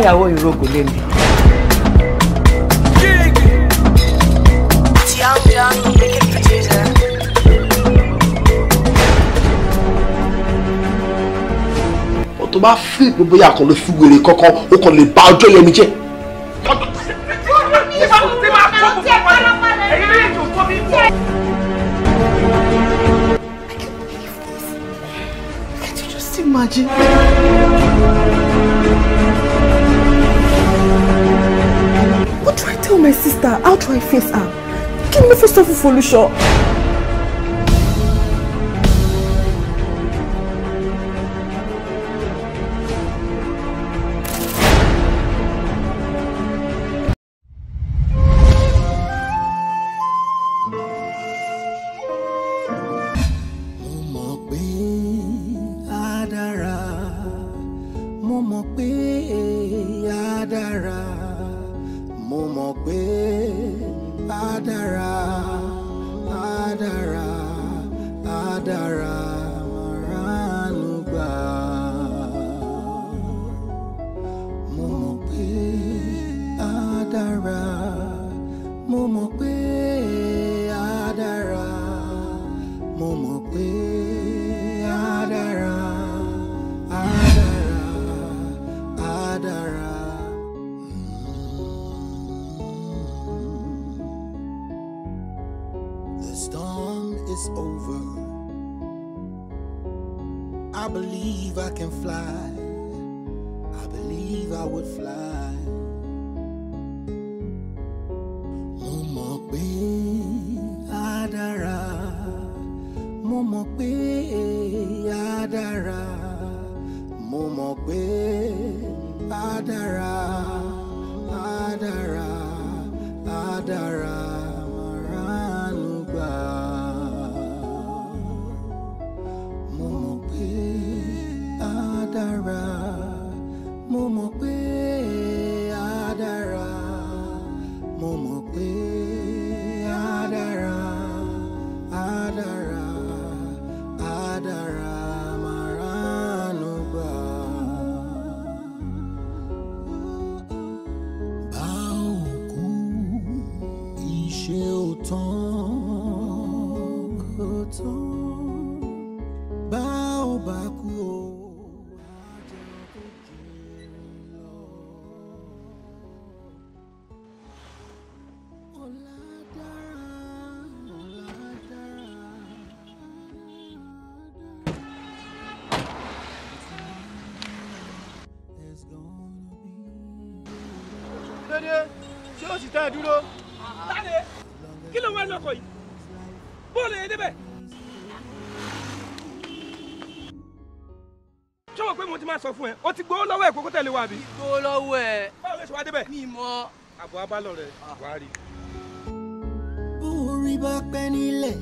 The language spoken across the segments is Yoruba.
ìyàwó ìrókò lé mi. tó bá fi gbogbo yà kàn lè fi wèrè kankan ó kàn lè ba ọjọ́ yẹn mi jẹ́. Imagine. Tell my sister, how do I face her? Give me first of sọ fún Folúṣọ? ẹ dúró tálẹ̀ kí ló wá lọ́kọ̀ yìí bóòlù yẹn débẹ̀. sọ́wọ́ pé mo ti máa sọ fún ẹ o ti gbowó lọ́wọ́ ẹ̀ kókó tẹ̀lé wa bí. gbowó lọ́wọ́ ẹ̀. báwo ló ṣe wá débẹ̀. mi mọ. àbọ̀ abálọ̀ rẹ̀ wá rí. bórí bá pẹ́ nílẹ̀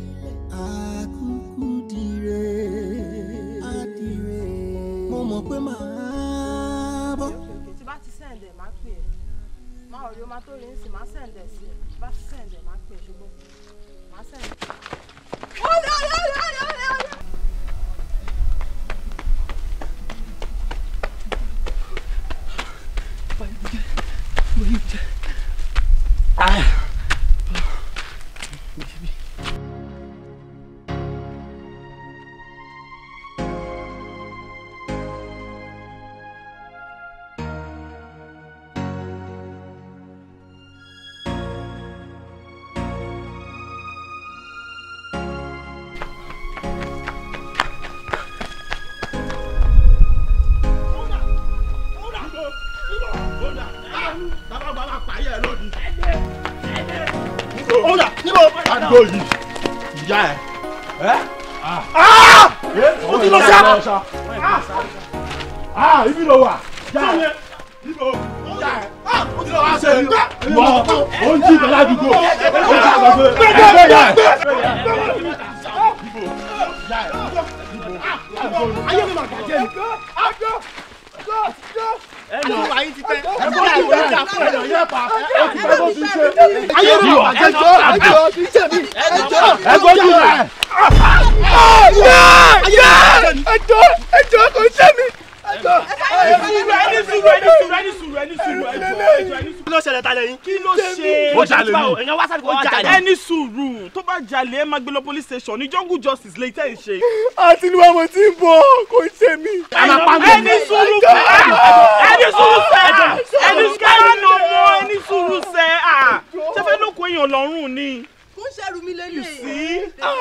àkúkú dire àdìrẹ́ mo mọ̀ pé màá. máa ọ̀rẹ́ o máa tó rí nsì máa sẹ̀ǹdẹ̀ sí i bá sẹ̀ǹdẹ̀ máa pè ṣùgbọ́n máa sẹ̀ǹdẹ̀. ó lọ́ọ́ Ah, ibi ló wà. sùúrù èèyàn wá sáré kó jalè. ẹni sùúrù tó bá jalè ẹ máa gbé lọ police station ní jungle justice lè tẹ̀ ń ṣe. àti ni wàá mo ti ń bọ̀ kò ṣe mí. ẹni sùúrù fẹ́ ẹni sùúrù fẹ́ ẹni sùúrù fẹ́ ẹni ọmọ ẹni sùúrù fẹ́ ṣe fẹ́ lóko èèyàn lọ́rùn ni kó sẹ́rù mi lélẹ̀ yìí.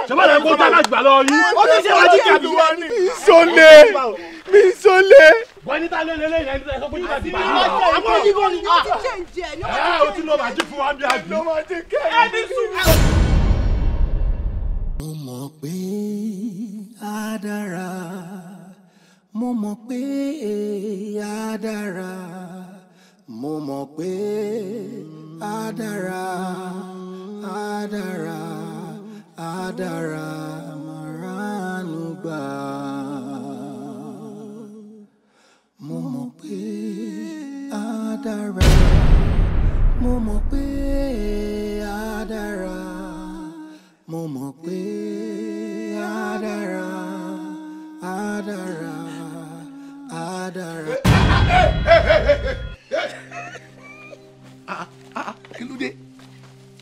sọ́mọ́ rẹ̀ kó tá lágbàá lọ yín. ó ti ṣe wájú kí àbí wá ní mi sọlẹ̀. wọ́n ní ta ló lé lẹ́yìn ẹni tó yóò ti bá a lọ. àmọ́ yìí kò ní yóò ti jẹ ní o ti lọ màjí fún wa bí a bí. ẹni sùn. mo mọ̀ pé a dára mo mọ̀ pé a dára mo mọ̀ pé a dára a dára a dára màránù gbàá. Adara, dára mo mọ̀ pé adara, dára mo mọ̀ pé á dára á dára á dára. kí ló dé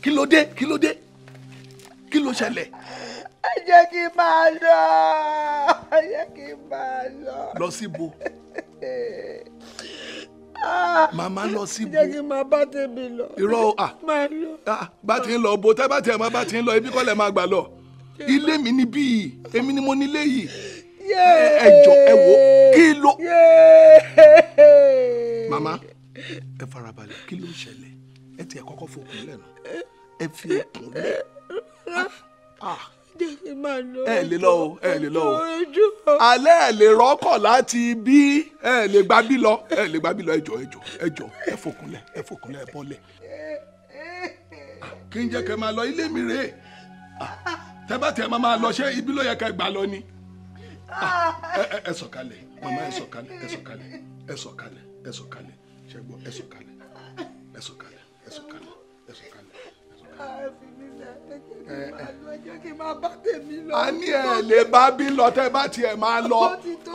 kí ló dé kí ló dé kí ló ṣẹlẹ̀ ẹ jẹ́ kí n máa lọ ẹ jẹ́ kí n máa lọ. lọ síbo ah. màmá lọ síbo. jẹ́ kí n máa bá tèmi lọ. irọ́ à ah. ah, bá ti ń lọ bo tẹ́ bá ti ẹ̀ máa bá ti ń lọ ibi kọ́lẹ̀ máa gbà lọ ilé mi níbí yìí èmi ni mo nílé yìí ẹ jọ ẹ wò kí ló. màmá ẹ farabalẹ̀ kí ló ń ṣẹlẹ̀ ẹ tiẹ̀ kọ́kọ́ fokùn lẹ́nu ẹ fi okùn lẹ́ ẹ lè lọ o ẹ lè lọ o alẹ́ ẹ lè rọ́kọ̀ láti bí ẹ lè gba bí lọ ẹ lè gba bí lọ ẹ jọ ẹ jọ ẹ jọ ẹ fòkúnlẹ̀ ẹ bọ́lẹ̀ ah, kí n jẹ́ kẹ́ máa lọ ilé mi rèé ah, tẹ́ bá tẹ́ máa máa lọ ṣé ibi ló yẹ kẹ́ gbà lọ ni ah, ẹ sọ̀kalẹ̀ mama ẹ sọ̀kalẹ̀ ẹ sọ̀kalẹ̀ ẹ sọ̀kalẹ̀ ẹ sọ̀kalẹ̀ ṣẹ́gbọ́n ẹ sọ̀kalẹ̀ ẹ sọ̀kalẹ̀ ẹ sọ̀kalẹ̀ ẹ sọ̀kalẹ̀ ẹ sọ̀kalẹ̀ a ní ẹ lè bá bí lọ tẹ bá tiẹ̀ máa lọ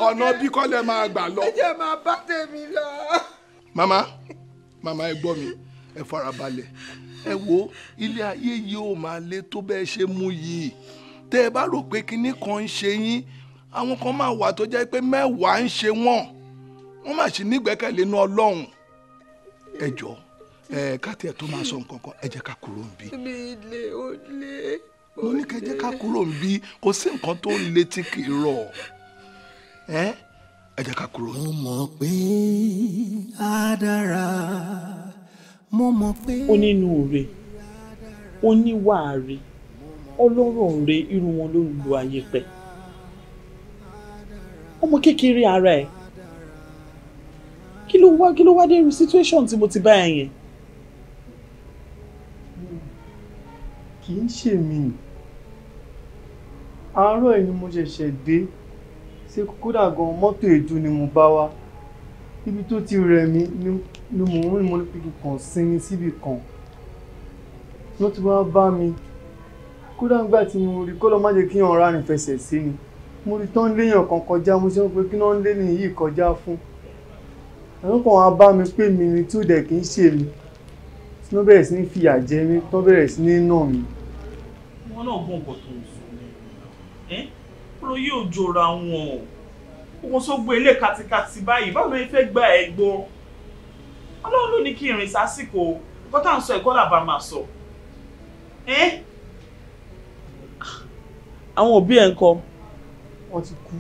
ọ̀nà bí kọ́ lẹ máa gbà lọ. ẹ jẹ́ máa bá tèmi lọ. màmá màmá ẹ gbọ́ mi ẹ farabalẹ̀ ẹ wo ilé ayé yìí ò máa lé tó bẹ́ẹ̀ ṣe mú yìí tẹ́ ẹ bá rò pé kinní kan ń ṣe yín àwọn kan máa wà tó jẹ́ pé mẹ́wàá ń ṣe wọ́n wọ́n má sì nígbẹ́kẹ̀lé inú ọlọ́run ẹ jọ̀ọ́ ẹ káàtì ẹ tó máa sọ nǹkan kan ẹ jẹ́ ká kúrò ń bí. mi lè o lè. mo ní ká jẹ́ ká kúrò ń bí kò sí nǹkan tó ń létí kì í rọ̀ ẹ ẹ jẹ́ ká kúrò. mo mọ̀ pé a dára mo mọ̀ pé. ó nínú rẹ̀ ó níwà rẹ̀ ọlọ́rọ̀ rẹ̀ irú wọn ló ń lo ayé pẹ́ ọmọ kékeré ara ẹ̀ kí ló wá kí ló wá dé irú situation tí mo ti bá ẹ yẹn. kì í ṣe mí àárọ̀ yìí ni mo ṣẹ̀ṣẹ̀ dé ṣe kódà gan mọ́tò èédú ni mo bá wá ibi tó ti rẹ̀ mí ni mò ń rìn mo ní pípọ̀ kàn sinmi síbi kan ló ti wá bá mi kódà ńgbà tí mo rí kọ́lọ́ má jẹ́ kí hàn rà ní fẹsẹ̀ sí ni mo rí tán léèyàn kan kọjá mo ṣe ń pe kí náà ń lé ní yìí kọjá fún àwọn kan wá bá mi pé mi ni tí ò dẹ̀ kì í ṣe mi tí wọ́n bẹ̀rẹ̀ sí ní fìyà jẹ mi tí wọ́n bẹ̀rẹ̀ sí ní nà mí wọn náà gbọ́ nǹkan tó ń sọ ẹ́ ọ̀rọ̀ yóò jọra wọn o òun tó gbé ilé katikati báyìí báwo ló fẹ́ gba ẹ̀ gbọ́ ọlọ́run ló ní kí ìrìn sásìkò nǹkan tá à ń sọ ẹ̀kọ́ làbá máa sọ ẹ́. àwọn òbí ẹ̀ ń kọ́ wọ́n ti kú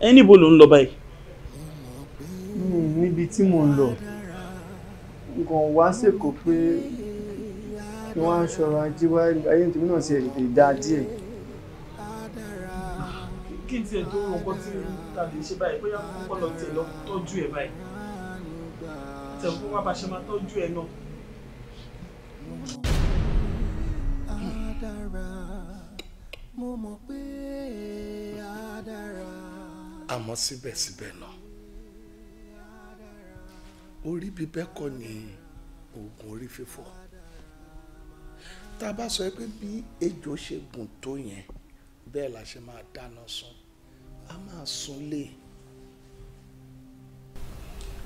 ẹ níbo ló ń lọ báyìí. níbi tí mò ń lọ nǹkan wá ṣèkò pé kí wọ́n á ṣọ̀rọ̀ ajé wá ayé tèmi náà ti èrè dá díẹ̀. kí n tiẹ̀ tó nǹkan tí ta lè ṣe báyìí bóyá kọ́ lọ tiẹ̀ lọ tọ́jú ẹ̀ báyìí tẹ̀ fún wa bá ṣe máa tọ́jú ẹ̀ náà. àmọ́ síbẹ̀síbẹ̀ náà orí bíbẹ́ kọ́ ni oògùn orí fífọ́ tá a bá sọ pé bí ejò ṣe gùn tó yẹn bẹ́ẹ̀ la ṣe máa dáná sun a máa sun lé.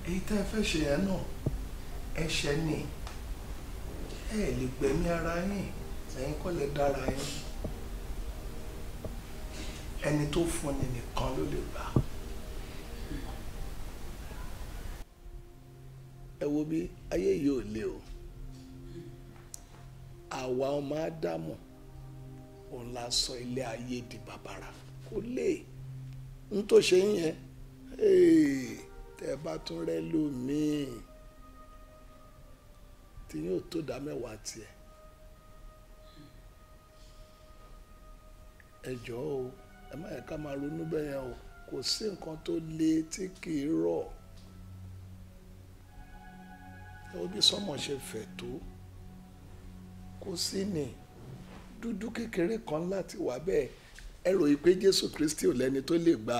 èyí tá a fẹ́ ṣe yẹn náà ẹ̀ṣẹ̀ ni ẹ lè gbẹ̀mí ara yín ẹ̀yin kọ́ lè dára yín ẹni tó fúnni nìkan ló lè gbà. ẹ wo bí ayé yìí ò le o àwa ọmọ ádámù òun la sọ ilé ayé di bàbàrà kó lè ń tó ṣe yẹn eh, tẹ bá tún rẹ lómiì tí yóò tó dá mẹ́wàá tiẹ̀ ẹ jọ̀ọ́ o ẹ má yẹ ká máa ronú bẹ́ẹ̀ yẹn o kò sí nǹkan tó le tí kì í rọ̀ ẹ wo bí sọmọ ṣe fẹ̀ tó. kò sí ni dúdú kékeré kan láti wà bẹ́ẹ̀ ẹ ròyìn pé jésù kristi ò lẹ́ni tó lè gba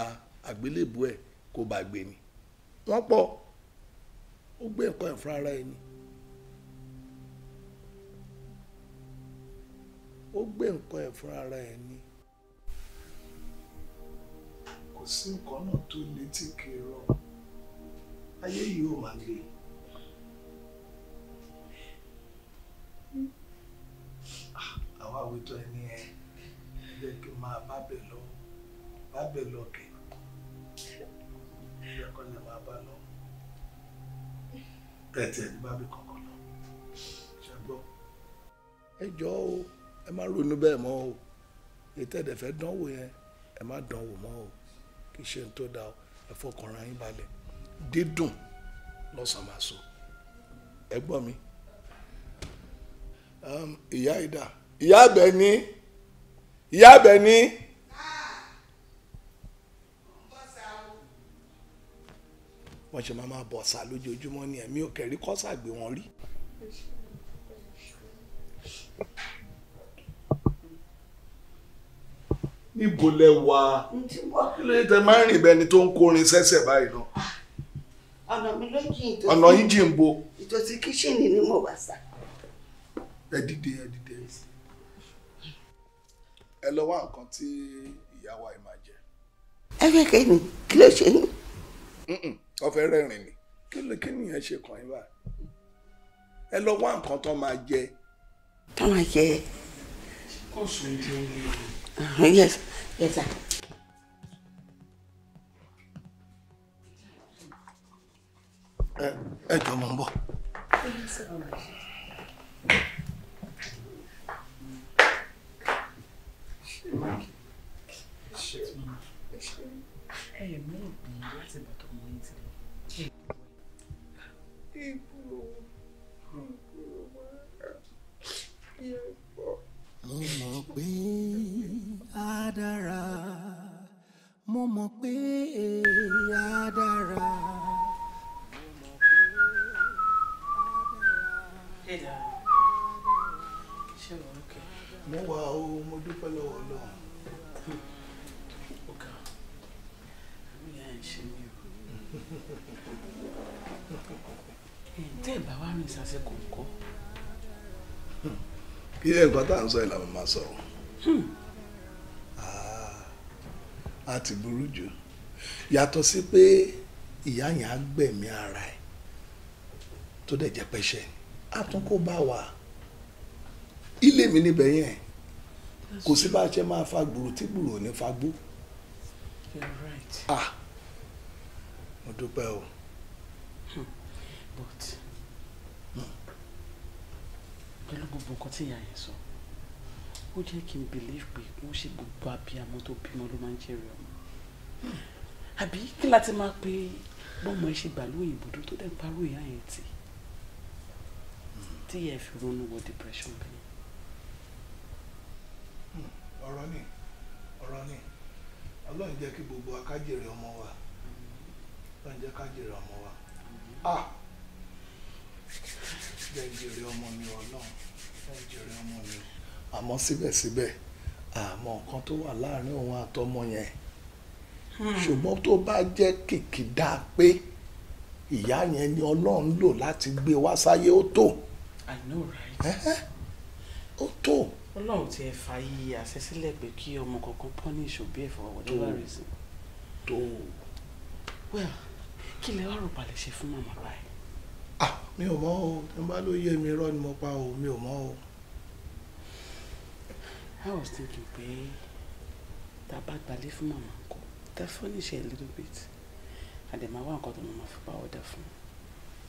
àgbélébù ẹ̀ kó bá gbé ni wọ́n pọ̀ ó gbé ẹ̀kọ́ ẹ̀ fún ara ẹ̀ ni ó gbé nǹkan ẹ̀ ara ẹ̀ ni kò sí nǹkan náà tó létí kí n rọ ayé yìí ó máa àwọn àwùjọ ẹni ẹ jẹ́ kí n máa bá bẹ̀ lọ bá bẹ̀ lọ kẹ̀ jẹ́ kọ́ lè máa bá lọ tẹ̀tẹ̀ ní bá bẹ̀ kọ̀ọ̀kan lọ ṣe gbọ́. ẹ jọ̀ọ́ o ẹ má ronú bẹ́ẹ̀ mọ́ o ètò ẹ̀dẹ̀fẹ́ dánwò yẹn ẹ má dánwò mọ́ o kì í ṣe tó dáa o ẹ fọkànra yín balẹ̀ dídùn lọ́sàn-án máa so ẹ gbọ́ mi ìyá ìdá. Um, ìyá àbẹ̀ ní ìyá àbẹ̀ ní. wọ́n ṣe máa máa bọ̀ ṣá lójoojúmọ́ ni ẹ̀mí ò kẹ́rí kọ́sà gbé wọn rí. níbo lẹ wà kí ló tẹ máa ń rìn bẹni tó ń kórin sẹ́sẹ̀ báyìí náà. ọ̀nà mi ló jìn ìtòsí ọ̀nà yìí jìn bo. ìtòsí kíṣìnì ni mo wà sá. ẹ dìde ẹ dìde ẹ lọ wá nǹkan tí ìyá wa máa jẹ. ẹ fẹ́ kí ni kí ló ṣe yín. ọ̀fẹ́ rẹ̀rìn ni kí ló kí nìyẹn ṣe kàn yín báyìí ẹ lọ wá nǹkan tó máa jẹ. tó máa jẹ. kò sùn ìdí omi. Ah, yes yes sir. ẹ jọ mọ n bọ. mo mọ̀ pé á dára mo mọ̀ pé á dára. mo wà o mo dúpẹ́ lọ́wọ́ lọ. tẹ́ ẹ̀ bá wá rìn sase kò ń kọ́. kí ẹ̀ nǹkan tá à ń sọ ìlànà máa sọ hmm. ah, a ti burú jù yàtọ̀ sí pé ìyá yẹn á gbẹ̀mí ara ẹ̀ tó dẹ̀ jẹ́ pẹ́ṣẹ́ a tún kó bá wa ilé mi níbẹ̀ yẹn kò sí bá a ṣe máa fa gbùrù tí gbùrù ò ní fa gbó. You're right. ah mo dúpẹ́ o. Hmm. but pẹ̀lú gbogbo nǹkan tí ìyá yẹn sọ ó jẹ́ kí n believe pé wọ́n ṣe gbogbo abiyamọ tó bímọ ló máa ń jẹ́rìí ọmọ àbí kí la ti máa pe bọ́mọ ẹ ṣe gbàlú òyìnbó tó dẹ̀ ń parú ìyá yẹn tì tí ìyá ẹ fi ronú wọ depression bẹ́ẹ̀. Hmm. ọ̀rọ̀ ni ọ̀rọ̀ ni ọlọ́run jẹ́ kí gbogbo akájèrè ọmọ wa lọ́n jẹ́ ká jèrè ọmọ wa a ah! jẹ́ jèrè ọmọ mi ọlọ́run jẹ́ jèrè ọmọ mi. àmọ́ síbẹ̀síbẹ̀ àmọ́ nǹkan tó wà láàrin òun àtọmọ yẹn hmm. ṣùgbọ́n tó bá jẹ́ kìkìdá pé ìyá yẹn ni ọlọ́run lò láti gbé wá sáyé ó tó. I know right. ó tó. ọlọ́run ti ẹ̀ fa iye àṣẹsílẹ̀ pé kí ọmọ kankan pọ́nì ìṣòbí ẹ̀fọ́ whatever reason. tó. well kí lẹ wá balẹ̀ ṣe fún màmá báyìí. ah mi ò mọ̀ o tí n bá ló yé mi irọ́ ni mo pa o mi ò mọ̀ o. I was thinking pé tá a bá gbalé fún màmá kọ tá a a little bit àdèmà wà nǹkan tó màmá fi bá ọ̀dà fún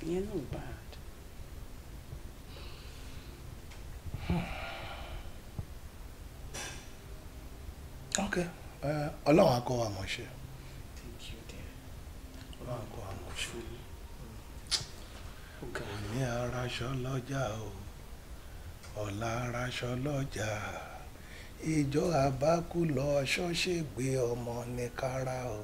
ìyẹn náà ò bad. ok ọlọ́run á kọ́ wa mọ̀ ṣe ọlọ́run á kọ́. raṣọ lọ́jà o ọ̀la raṣọ lọ́jà ìjọ àbákú lọ ṣọ́ṣègbè ọmọ ní kára o.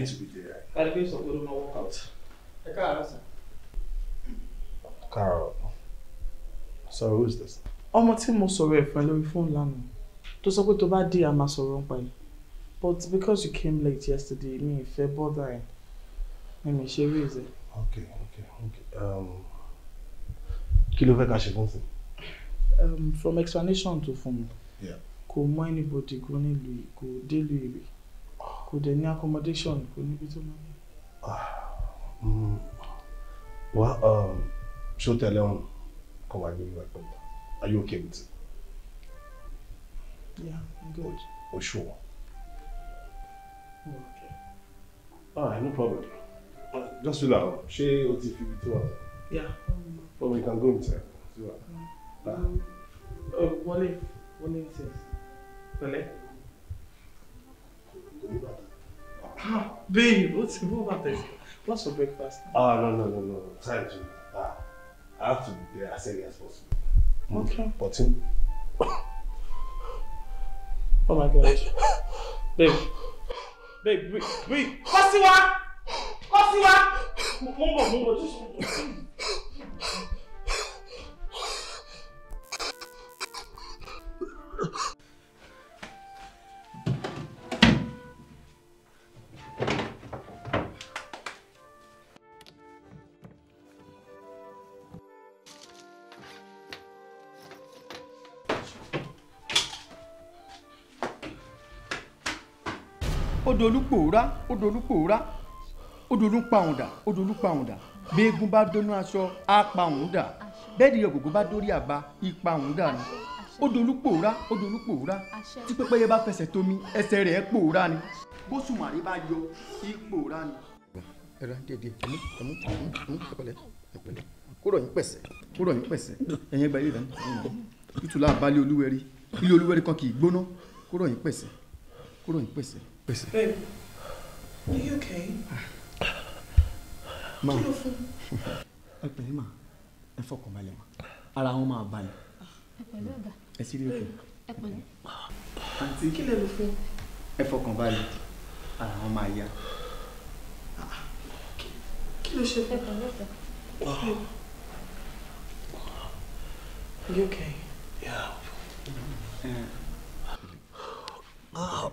need to be there. I sọ some ó máa work out. Ẹ káàárọ̀ sà. Káàárọ̀. Sorry, who is this? Ọmọ tí mo sọ̀rọ̀ ẹ̀ fún ẹ lórí fóònù lánàá tó sọ pé tó bá dé a máa sọ̀rọ̀ ń pẹ̀lú. But because you came late yesterday, mi ìfẹ́ bọ́dà ẹ̀. Mi mi ṣe rí ìzẹ̀. Okay, okay, okay. Um, kí ló fẹ́ ká ṣe fún fún? Um, from explanation tó fún mi, kò mọ anybody go nílùú yìí, kò délùú yìí kò dẹ̀ ní accommodation kò níbi tó máa ń. wá ṣó tẹ̀lé ọ̀hún kó wá gbé wá pẹ̀lú are you okay with it. yeah i'm good. o ṣù wọ. Ah, no problem uh, just fill out ṣé o ti fi tó wà. yeah. but we can go inside. Mm. Ah. Um, uh, wọlé wọlé inside pẹ̀lẹ́. Ah, babe, what's what about this? What's for breakfast? Oh, no, no, no, no. Time to. Uh, I have to be there as early as possible. Hmm. Okay. But in... Oh my God, babe. Babe, wait, wait. Kosiwa! Kosiwa! Mumbo, mumbo, just mumbo. ó dolú pòórá ó dolú pòórá ó dolú pàwọ̀dà ó dolú pàwọ̀dà bẹ́ẹ̀gùn bá dónú aṣọ á pa òun dà bẹ́ẹ̀ni ògògó bá dórí àbá ipa òun dà ni ó dolú pòórá ó dolú pòórá tí pẹ́pẹ́yẹ bá fẹsẹ̀ tómi ẹsẹ̀ rẹ̀ pòórá ni bó sùnmàrí bá yọ ipòórá ni. ẹ ra dédé ẹmú ẹmú ẹmú ẹpẹ̀lẹ́ ẹpẹ̀lẹ́ kó rọ̀ yín pẹ̀sẹ̀ kó rọ̀ yín pẹ̀sẹ̀ ẹ̀yin ẹgbẹ́ yìí rẹ̀ ìtura àbálẹ̀ olúwẹ̀rí ilé olúwẹ̀rí kan kì í gbóná kó yín pẹ̀sẹ̀ kó yín pẹ̀sẹ̀ pèsè. babe are you okay? Ah. ma ah, kí ló fún. ẹ pẹ̀lẹ́ ma ẹ fọkàn balẹ̀ ma ara wọn máa balẹ̀. ẹ pẹ̀lú ọ̀gá. ẹ sì rí òkè. ẹ pẹ̀lẹ́. àǹtí kí lè lò fún. ẹ fọkàn balẹ̀ ara wọn máa yá. kí ló ṣe fún. ẹ pẹ̀lú ọ̀gá. Are you okay? Yeah. Uh, oh.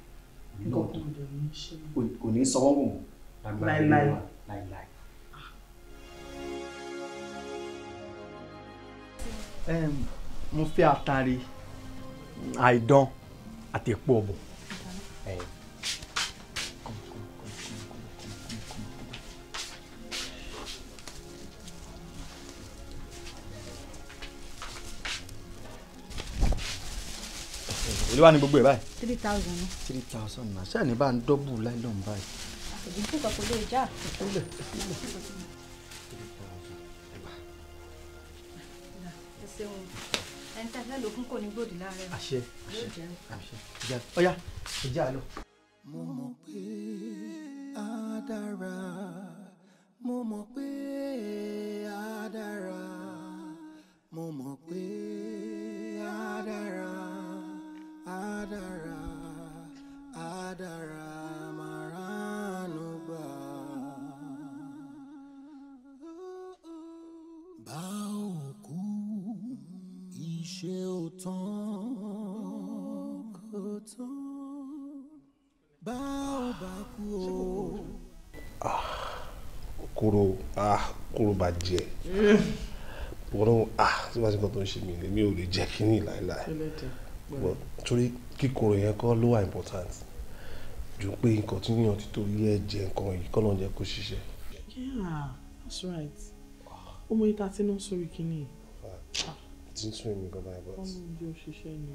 kò ní sọ wọ́n wọ̀n láìláì láìláì. mo fẹ́ atare àìdán àti èpo ọ̀bọ̀. èlé wa ni gbogbo ẹ̀ báyìí. three thousand. three thousand náà ṣáà ni bá ń dọ́bù láìlọ́n báyìí. àtẹ̀jẹ́ tí kòkó lè já. ìpínlẹ̀ ìpínlẹ̀. ẹ ṣeun ẹni tí a fẹ́ lò fún kò ní gbòdì láàárẹ̀. àṣẹ àṣẹ àṣẹ ọya ìjà lọ. ń ṣe mí ni mi ò lè jẹ́ kí ní láéláé but torí kíkorò yẹn kọ́ ló wà important ju pé nǹkan tí yíyan ti torí ẹ jẹ nǹkan yìí kọ́ ló jẹ́ kó ṣiṣẹ́. yeah that's right ọmọ yìí ta ti ná sórí kínní. Ah, ti ń sún èmi gan báyìí but. ọmọ mi yóò ṣiṣẹ́ ni.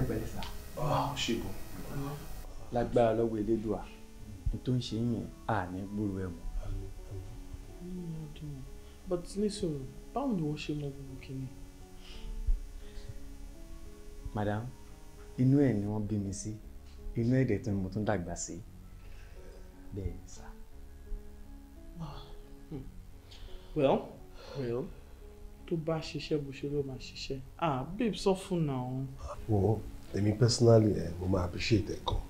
ẹgbẹ̀rẹ̀ sá. ọ̀ ṣègùn. lágbára lọ́wọ́ elédùà tó ń ṣe yẹn àní gbúrú ẹ̀wọ̀n kíni but listen báwo ni wọ́n ṣe mọ gbogbo kíni. madam inú ẹ̀ ni wọ́n bí mi sí inú ẹ̀dẹ̀ tí mo tún dàgbà sí bẹ́ẹ̀ well well to bá ṣiṣẹ́ bó ṣe ló máa ah babe sọ fún náà. wo me personally ẹ eh, mo appreciate ẹ kan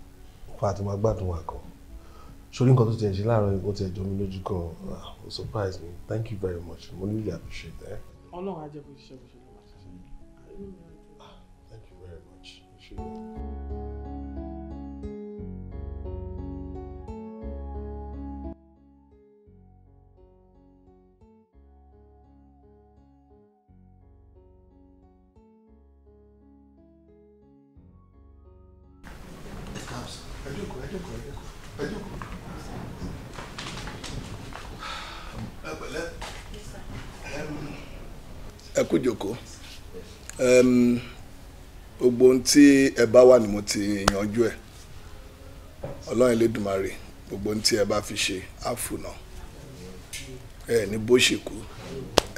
fún àti máa sórí nǹkan tó ti ẹ̀ ṣe láàárọ̀ ó ti ẹ̀ jọ mí lójú kan ó ah, surprise me thank you very much mo really appreciate ẹ. ọlọ́run á jẹ́ kó ṣiṣẹ́ bó ṣe lọ́wọ́ àṣìṣe. Ah, thank you very much. gbogbo ohun tí ẹ bá wà ní mo ti yanjú ẹ ọlọ́run lẹ́dùnmarè gbogbo ohun tí ẹ bá fi ṣe àfùnà ẹ ní bó ṣe kú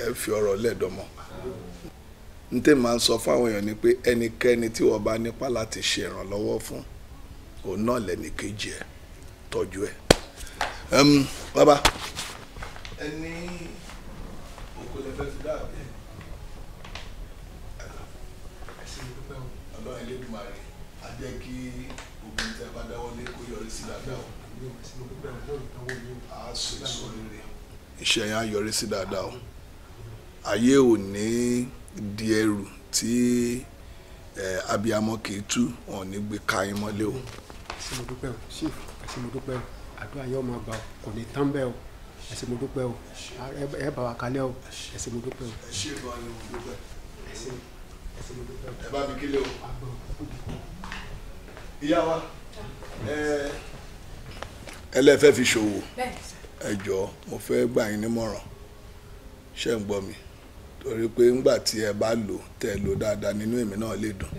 ẹ fi ọ̀rọ̀ lẹ́dọ̀mọ́ n tẹ́ máa ń sọ fáwọn èèyàn ni pé ẹnikẹ́ni tí wọ́n bá nípa láti ṣe ìrànlọ́wọ́ fún òun náà lẹ́ni kejì ẹ̀ tọ́jú ẹ̀. bàbá ẹni òkú lè fẹ́ fi dáàbò. Elédùmarè á jẹ́ kí obìnrin tẹ́ bá dáwọ́lé kó yọrí sí dáadáa o á so èso rere iṣẹ́ yẹn sí dáadáa o ayé ò ní di ẹrù tí abiyamọ kì í tú wọn ní gbé ka yín mọ́lé o. àṣé o chief àṣé mo dúpẹ́ o àdúrà yóò máa gbà o kò ní tán bẹ́ẹ̀ o àṣé o ẹ bá wa o àṣé o. ẹ ṣe é bá wa ní mo dúpẹ́ ẹ bá mi kílẹ̀ o ìyá wa ẹlẹ́fẹ́ fi ṣòwò ẹ jọ̀ọ́ mo fẹ́ gbà yín nímọ̀ràn ṣe ń gbọ́ mi torí pé ńgbà tí ẹ bá lò tẹ́ lò dáadáa nínú èmi náà lè dùn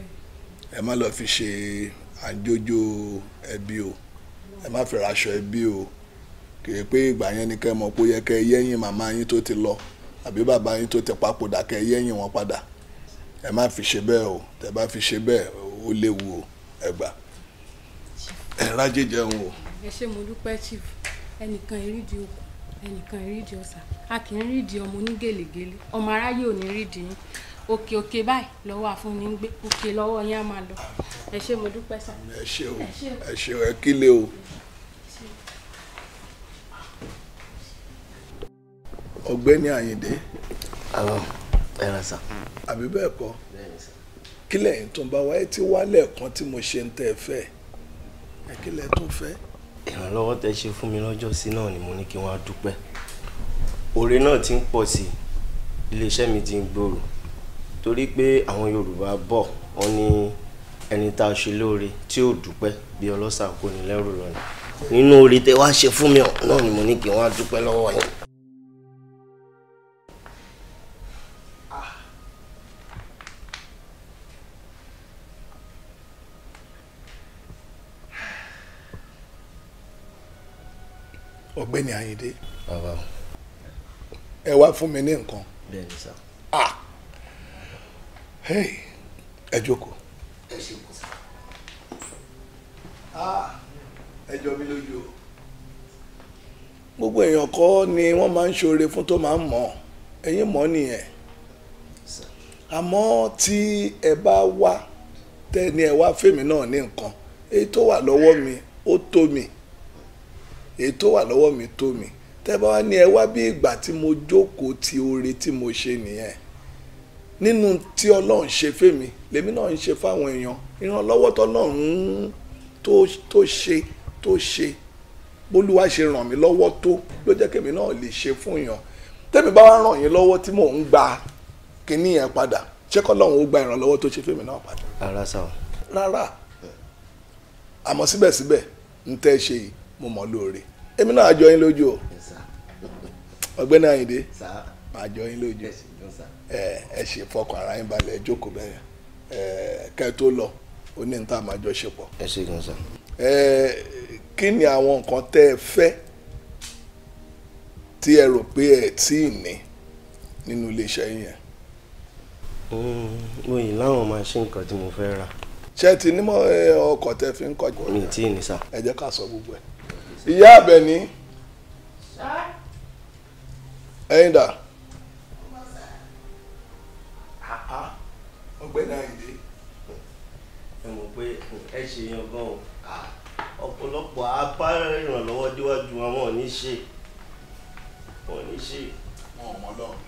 ẹ má lọ fi ṣe àjọjọ ẹbí o ẹ má fẹ́ raṣọ ẹbí o kìí pé ìgbà yẹn ni kẹ́ mọ̀ pé ó yẹ kẹ́ yẹ́yìn màmá yín tó ti lọ àbí bàbá yín tó ti papòdà kẹ́ yẹ́yìn wọn padà ẹ má fi ṣe bẹ́ẹ̀ o tẹ bá fi ṣe bẹ́ẹ̀ ó léwu o ẹ gbà ẹ rájẹ jẹun o. ẹ ṣé mo dúpẹ́ chief ẹnìkan ìrídìí òkú ẹnìkan ìrídìí ọ̀sà a kì í rídìí ọmọ onígèlègèlè ọmọ aráyé ò ní rídìí yín òkè òkè báyìí lọ́wọ́ àfúnni ń gbé òkè lọ́wọ́ yín á máa lọ ẹ ṣé mo dúpẹ́ sá. ẹ ṣé o ẹ ṣé o ẹ kílẹ̀ o. ọ̀gbẹ́ni àyìndé. àwọn ẹran sàn. àbí bẹ́ẹ̀ kọ́ kí lẹ́yìn tó ń bá wáyé tí wálẹ̀ kan tí mo ṣe ń tẹ́ ẹ fẹ́ ẹ kí lẹ́ẹ̀ tó fẹ́. ìrànlọ́wọ́ tẹ ṣe fún mi lọ́jọ́ sí náà ni mo ní kí wọ́n á dúpẹ́ oore náà ti ń pọ̀ sí i iléeṣẹ́ mi ti ń gbòòrò torí pé àwọn Yorùbá bọ̀ wọ́n ní ẹni tá a ṣe lóore tí ò dúpẹ́ bí ọlọ́sà kò ní lẹ́rù lọ́nà nínú oore tẹ wá ṣe fún mi náà ni mo ní kí wọ́n á dúpẹ́ lọ́wọ́ yín. ọ̀gbẹ́ni Àyìndé ẹ wá fún mi ní nǹkan ẹ jókòó ẹ jọ mí lójú o gbogbo èèyàn kọ́ ni wọ́n máa ń ṣoore fún tó máa ń mọ̀ ẹ̀yin mọ̀ nìyẹn àmọ́ tí ẹ bá wá tẹ́ni ẹ wá fèmí náà ní nǹkan èyí tó wà lọ́wọ́ mi ó tó mi èyí tó wà lọ́wọ́ mi tó mi tẹ́ bá wá ní ẹ wá bí ìgbà tí mo jókòó ti oore tí mo ṣe nìyẹn nínú tí ọlọ́run ṣe fẹ́mi lèmi náà ń ṣe fáwọn èèyàn ìrànlọ́wọ́ tọ́lọ́run tó ṣe tó ṣe bólúwa ṣe ràn mí lọ́wọ́ tó ló jẹ́ kèmi náà lè ṣe fún yàn tẹ́mi bá wá ràn yín lọ́wọ́ tí mò ń gba kinní yẹn padà ṣé kọ́lọ́run ó gba ìrànlọ́wọ́ tó ṣe fẹ́mi náà padà. rárá àmọ́ síbẹ̀síbẹ̀ ń tẹ́ ṣe yìí mo mọ̀ lóore èmi náà àjọ yín lójú o ọ̀gbẹ́ni Àyìndé àjọ yín lójú ẹ ṣe fọkàn ara yín balẹ̀ lọ kí ni àwọn nǹkan ẹ tí ẹ rò pé ẹ tí ì ní nínú iléeṣẹ́ yẹn. Mm, láwọn máa ṣe nǹkan tí mo fẹ́ ṣé ti fi ń mi tí ì ẹ jẹ́ ká sọ gbogbo ẹ̀. ìyá àbẹ̀ní ẹ̀yin dà. ọ̀gbẹ́ni àyìndé. ẹ mọ̀ pé ẹ ṣe yan gan-an ọ̀pọ̀lọpọ̀ apá ìrànlọ́wọ́ déwájú àwọn ò ní ṣe wọn ò ní ṣe. wọn ò mọ lọrun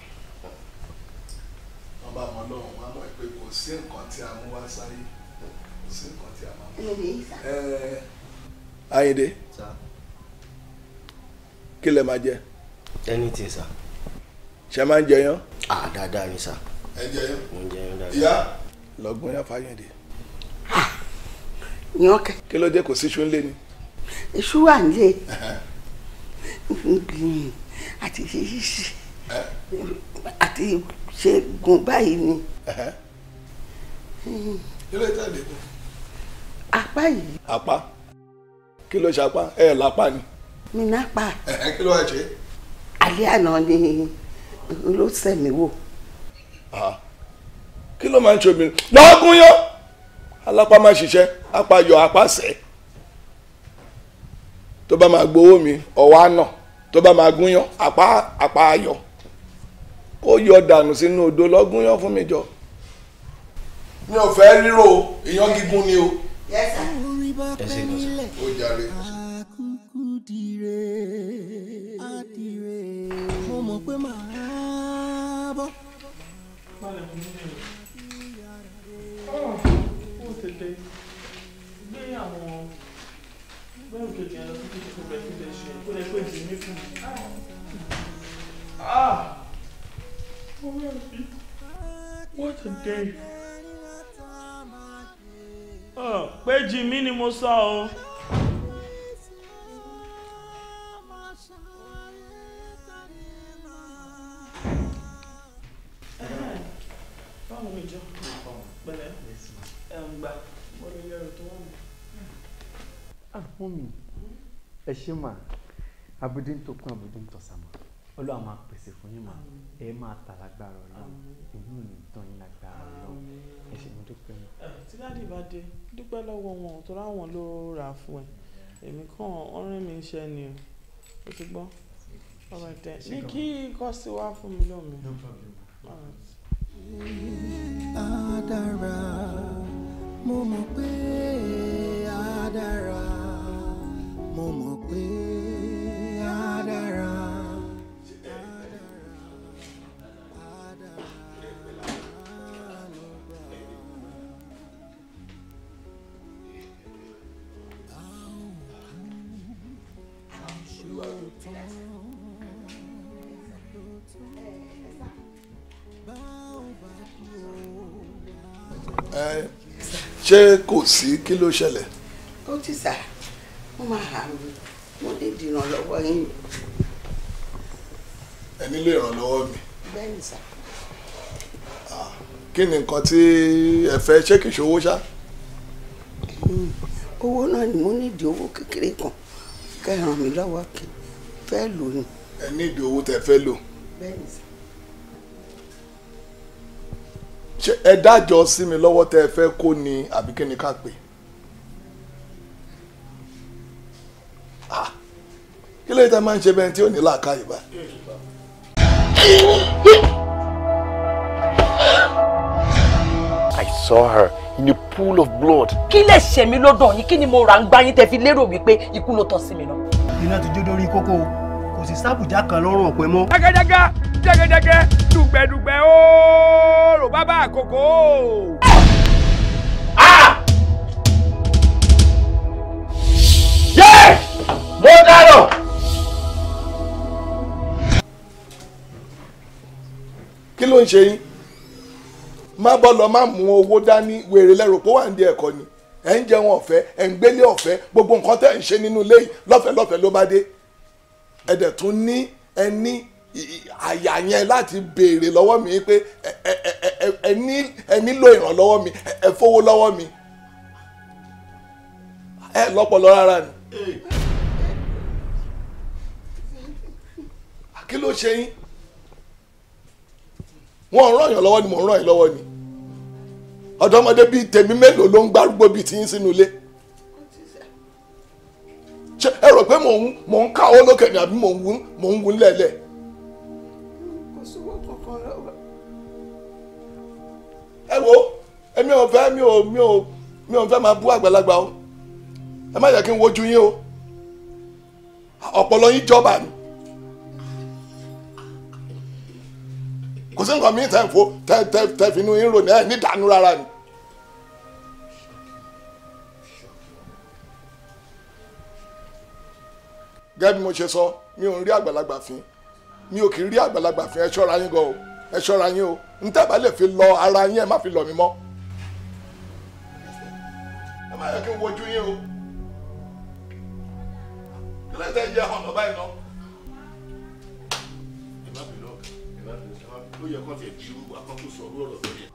wọn bá mọ lọrun wọn á mọ pé kò sí nǹkan tí a mú wá sáyé kò sí nǹkan tí a máa mú. ayinde kí lẹ máa jẹ. anything sir. ṣe máa ń jẹyán. ah dáadáa ni sir. ẹ jẹyán. mo ń jẹyán dáadáa. ìyá lọgbọn yá fáyọ̀dé. Ah, yan kẹ. kí ló dé kò sí iṣu ńlẹ ni. iṣu wà nílé àti ṣíṣí àti ṣe gùn báyìí ni. kí ló dé tàdé kù. apá yìí. apá kí ló ṣe apá ẹ lápá ni mi náà pa. kí ló wá ṣe. alẹ́ àná ni ló ṣẹ̀ mí wò. kí ló máa ń ṣe obìnrin lọ́gùn yọ alápá máa ṣiṣẹ́ apá yọ apá sẹ́ tó bá máa gbowó mi ọ̀wá náà tó bá máa gúnyán apá apá ayọ̀ kó yọ dànù sínú odò lọ́gúnyán fún mi jọ. mi ò fẹ́ ríro ìyán gígùn ni o. ẹ ṣe kí ó jàre dire a dire mo mọ̀ pé màá bọ́. What a day. Péjì mi ni mo báwo mi jọ pẹ̀lẹ́ ẹ̀ǹgbà mo lè yọrọ tó wọ́n mi. àmúmi ẹ ṣe mà abudé ń tokun abudé ń tọ̀sán mọ́ ọlọ́run máa pèsè fún yín mà ẹ máa tà lágbára ọlọ́run inú ò ní tán yín lágbára ọlọ́run ẹ ṣe mo dúpẹ́ yín. Eh, tí dáàdì bá dé dúpẹ́ lọ́wọ́ wọn tó ráwọn ló rà á fún ẹ èmi kàn ọ̀rẹ́ mi iṣẹ́ ni o ó ti gbọ́ ọ̀rọ̀ tẹ ní kí kọ́sí wá fún mi lómi. no problem. Adara, mo mọ̀ pé àdàrà mo mọ̀ pé. ṣé kò sí kí ló ṣẹlẹ̀. ó ti sà mo máa hà mí mo lè dìràn lọ́wọ́ yín. ẹ nílò ìrànlọ́wọ́ mi. bẹ́ẹ̀ni sà. kí ni nǹkan tí ẹ fẹ́ ṣé kìí ṣe owó ṣá. Hmm, owó náà ni mo nídìí owó kékeré kan kẹ́ ẹ ràn mí lọ́wọ́ kí n fẹ́ lò ni. ẹ nídìí owó tẹ́ fẹ́ lò. bẹ́ẹ̀ni sà. ṣe ẹ dájọ́ sí mi lọ́wọ́ tẹ́ ẹ fẹ́ kó ni àbí kí ni ká pè ah, kí lóye tá máa ń ṣe bẹ́ẹ̀ tí ò ní làákàyè báyìí. I saw her in a pool of blood. Kí lè ṣe mí lọ́dọ̀ yín kí ni mo ra ń gbá yín tẹ́ fi lérò wípé ikú ló tọ́ sí mi náà. Iná ti jó dórí kókó kò sì sábùjá kan lọ́rùn ọ̀pẹ mọ́. Dágádágá dẹ́gẹ́dẹ́gẹ́ dùgbẹ̀dùgbẹ̀ ooo bàbá àkókò. Ah! yé mo dárò. kí ló ń ṣe yín má bọ́ lọ má mú owó dání wèrè lẹ́rù kó wà ní ẹ̀kọ́ ni ẹ̀ ń jẹun ọ̀fẹ́ ẹ̀ ń gbélé ọ̀fẹ́ gbogbo nǹkan tẹ̀ ń ṣe nínú ilé yìí lọ́fẹ̀ẹ́ lọ́fẹ̀ẹ́ ló bá dé ẹ̀dẹ̀ tún ní ẹni àyà yẹn láti béèrè lọ́wọ́ mi pé ẹ nílò ìrànlọ́wọ́ mi ẹ fowó lọ́wọ́ mi ẹ lọ́pọ̀lọ́ rárá ni. kí ló ṣe yín wọn ò ràn yàn lọ́wọ́ ni mò ń ràn yín lọ́wọ́ ni ọ̀dọ́mọdé bíi tèmi mélòó ló ń gbárùgbó bíi ti yín sínú ilé ṣé ẹ rò pé mò ń káwọ́ lókè ni àbí mò ń wú lẹ́lẹ́ẹ̀. ẹ wo èmi ò fẹ́ mi ò mi ò mi ò fẹ́ máa bú àgbàlagbà o ẹ má yẹ kí n wojú yín o ọpọlọ yín jọba ni kò sí nǹkan mi tẹ̀ fo tẹ̀ tẹ̀ tẹ̀ fi inú yín rò ní ẹ̀ ní ìdánú rárá ni. gẹ́gẹ́ bí mo ṣe sọ mi ò ń rí àgbàlagbà fín mi ò kì í rí àgbàlagbà fín ẹ ṣọ́ra yín gan o ẹ ṣọ́ra yín o n tẹ́ bá lè fi lọ ara yín má fi lọ mi mọ́ ẹ má yẹ kí n wojú yín o kí ló yẹ ọ̀nà báyìí náà ẹ má bìí lọ ẹ má bìí lọ ó yẹ kó tiẹ̀ bí irú akọ́kọ́ sọ̀rọ̀ ọ̀rọ̀ lórí ẹ̀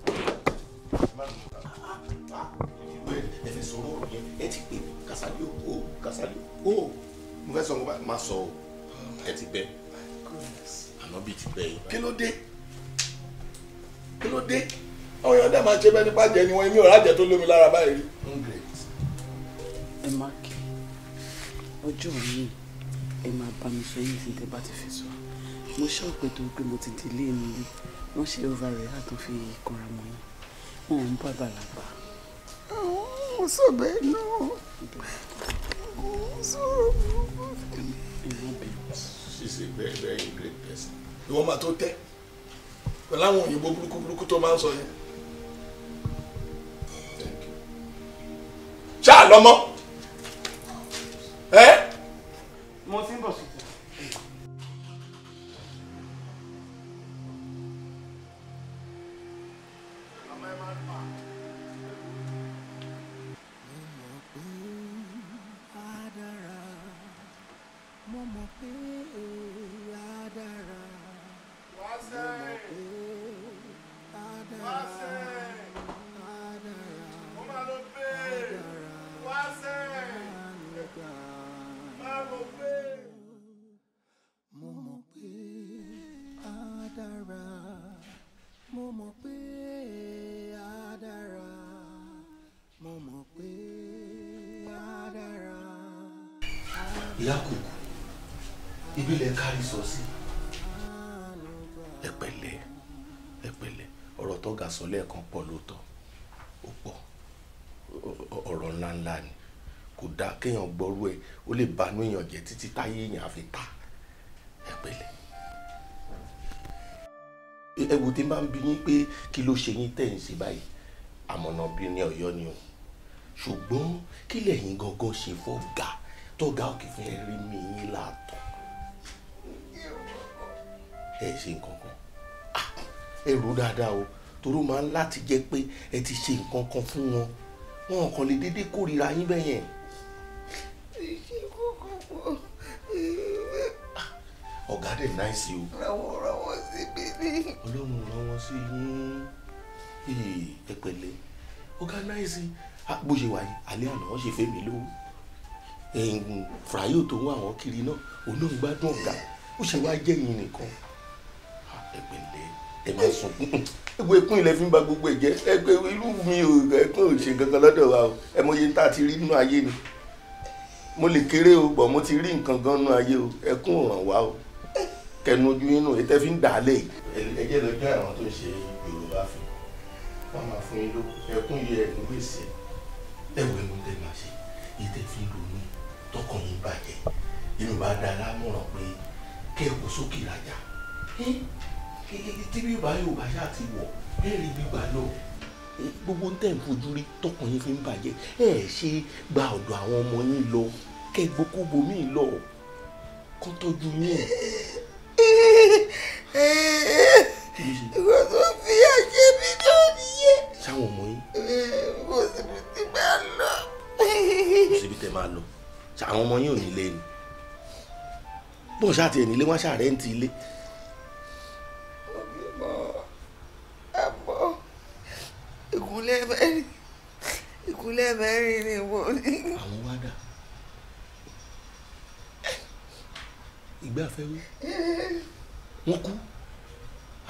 ah, ẹ fi sọ̀rọ̀ ọ̀rọ̀ yẹn ẹ ti pè kásálí o kásálí o mo fẹ́ sọ ma sọ ẹ ti bẹ àná bíi ti bẹ yìí kí ló dé kí ló dé àwọn èèyàn dẹ̀ máa ṣe bẹ́ẹ̀ nípa jẹ ni wọn èmi ò rájẹ tó lómi lára báyìí mm, rí. ẹ má kí ọjọ́ yìí ẹ máa bá mi sọ yìí tí tẹ bá ti fi sọ mo ṣe òpè tó pé mo ti délé mi rí wọ́n ṣe over rẹ̀ àtún fi kanra mọ́ yín wọn ò ń bá bàlágbà. mo sọ bẹ́ẹ̀ náà mo sọ̀rọ̀ mo. she's a very very great person. ìwọ máa tó tẹ́ pẹ̀lú àwọn òyìnbó burúkú burúkú tó máa ń sọ yẹn. ṣáà lọ́mọ. mo ti ń bọ̀ sí. Mo mọ̀ pé ìyá ibi lẹ kárí sọ sí. ẹ pẹ̀lẹ́ ẹ pẹ̀lẹ́ ọ̀rọ̀ tó ga sọ lẹ́ẹ̀kan pọ̀ lóòótọ́ ó pọ̀ ọ̀rọ̀ ńláńlá ni kò dáa kéèyàn gbọ́rú ẹ̀ ó lè banú èèyàn jẹ́ títí táyé èèyàn àfi ta ẹ pẹ̀lẹ́. tí n ń bi yín pé kí ló ṣe yín tẹ̀ ń báyìí àmọ̀nà bíi ní ọ̀yọ́ ni o ṣùgbọ́n kí lẹ̀yin gangan ṣe fọ́ gàá tóga òkè fẹ́ rí mi yín láàtọ̀ ẹ ṣe nǹkan kan ah, ẹ rò dáadáa o torí máa ń láti jẹ́ pé ẹ ti ṣe nǹkan kan fún wọn wọn kàn lè déédéé kórìíra yín bẹ́ẹ̀ yẹn. Ah, ọ̀gá dẹ̀ náìsì o. ràwọ̀ ràwọ̀ sí bíbí. ọlọ́run ràwọ̀ sí yín ẹ pẹ̀lẹ́ ọ̀gá náìsì ah, bó ṣe wà yìí alẹ́ àná ṣe fẹ́ mi lówó fàáyò tó ń wá àwọn kiri náà òun náà ń gbádùn ọ̀gá ó ṣe wáá jẹ́ yín nìkan ẹgbẹ̀lẹ́ ẹ máa sunkún ẹgbẹ́ ẹkún ilẹ̀ fi ń ba gbogbo ẹ̀jẹ̀ ẹgbẹ́ ìlú mi ò ẹkún ò gangan lọ́dọ̀ wa o ẹ mọ iye tá a ti rí nínú ayé ni mo lè kéré o bọ̀ mo ti rí nǹkan gan nínú ayé o ẹkún ò ràn wá o kẹnu ojú inú ètè fi ń dà á lè. ẹjẹ lọ jẹ àwọn tó ń ṣe yorùbá fi wọn máa fún yín ló ẹkún yẹ ẹnu gbèsè ẹwẹ ló dé máa ṣe ètè fi ń ronú tọkàn yín bàjẹ́ inú bá da lámọ̀ràn pé kẹ́ ẹ kó sókè làjà tí bí bá yóò bá ṣáà ti wọ̀ ẹ rí gbígbà náà gbogbo ń tẹ̀ ń fojú rí tọkàn yín fi ń bàjẹ́ ẹ ṣe gba ọ̀dọ̀ àwọn ọmọ yín lọ kẹ́ gbókòbó mi lọ kó tọ́jú yín. ìwọ tó fi àjẹ mi náà nìyẹn. sáwọn ọmọ yín. kò síbi tí máa lọ. kò síbi tẹ máa lọ ṣàwọn ọmọ yín ò nílé ni bó ṣáà ti nílé wọn ṣàrẹ́ ń ti ilé. òbí bọ ẹbọ ìkúnlẹ̀ mẹ́rin ìkúnlẹ̀ mẹ́rin ni mo ní. àwọn wá dà ìgbà afẹ́wé wọ́n kú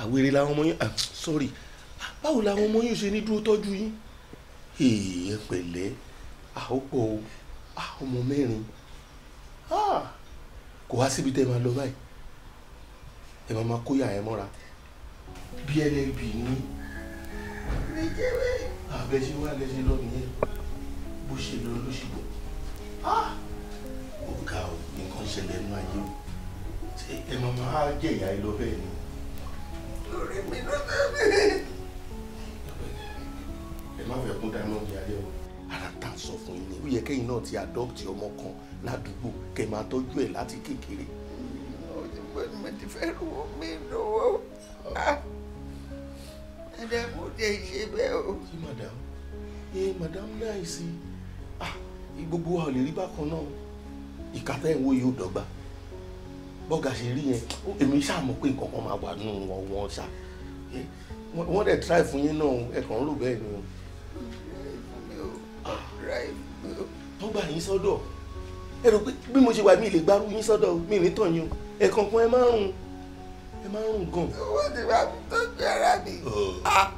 àwèrè làwọn ọmọ yín ah, sorry báwo làwọn ọmọ yín ṣe ní dúró tọ́jú yín ẹ pẹ̀lẹ́ àópọ̀ o. Ah, ọmọ mẹ́rin ah, kò wá síbi tẹ́ ẹ máa lọ báyìí ẹ máa máa kóyà ẹ mọ́ra bí nnb ní abẹ ah, ṣe wá lẹ ṣe lọ bó ṣe lọ ló ṣe bọ̀ ọ̀gá o nǹkan ṣẹlẹ̀ nínú ayé o ṣe ẹ máa máa jẹ̀yà ẹ lọ bẹ́ẹ̀ ni. lórí mi ló bẹ́ẹ̀ mi. ẹ má fẹ́ kún dáná oúnjẹ alẹ́ o ara tá a sọ fún yín ni ó yẹ kẹ́yìn náà ti adopt ọmọ kan ládùúgbò kẹ́ máa tọ́jú ẹ̀ láti kékeré. mo ti fẹ́ rú mi lọ́wọ́ madam ó dé ṣe bẹ́ẹ̀ o. ṣé madam ẹ madam láìsí ah, gbogbo wa ò lè rí bákan náà ìkàtà ẹ̀ ń wo yóò dọ́gba bọ́gà ṣe rí yẹn èmi ṣáà mọ̀ pé nǹkan kan máa wà nínú wọn wọn ṣá wọ́n dẹ̀ try fún yín náà ẹ̀kan rò bẹ́ẹ̀ ni o tó gbà yín sọ́dọ̀ ẹ rò pé bí mo ṣe wà mí lè gbárù yín sọ́dọ̀ mi ní tàn yín ẹ kankan ẹ máa ń rùn ẹ máa ń rùn gan. owó ti bá mi tó gbé ara mi. Ah!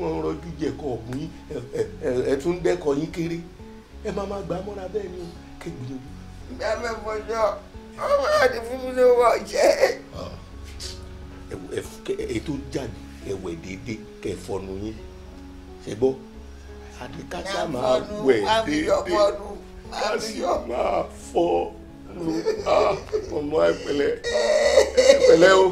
wọ́n rọjú jẹ̀kọ̀ ọ̀gbìn yín ẹ tún ń dẹ́kọ̀ yín kéré ẹ máa máa gbà mọ́ra bẹ́ẹ̀ ni o kégbìyànjú. ìgbà mẹ́fọ́jọ́ ọmọ àti fúnmi ló wọ̀ jẹ́. ètò jáde ẹ̀wẹ̀ déédéé kẹfọ́nu yín ṣe gbọ́ àti kásá máa wẹ̀ déédéé kásá máa fọ́ lu ah, ọmọ ẹ̀pẹ̀lẹ́ ẹ̀pẹ̀lẹ́ o.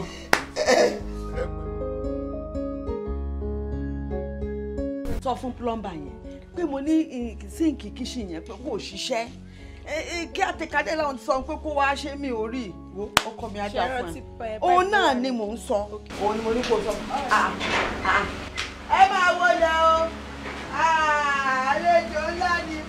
sọ fún plọ́mbà yẹn pé mo ní sínkì kíṣì yẹn pé kò ṣiṣẹ́ kí àtẹkadé làwọn ti sọ pé kó wá ṣe mí orí ìwò ọkọ mi ajá fún ẹ òun náà ni mò ń sọ òun ni mo ní kó sọ. Ah, ah. ẹ máa wọlé o.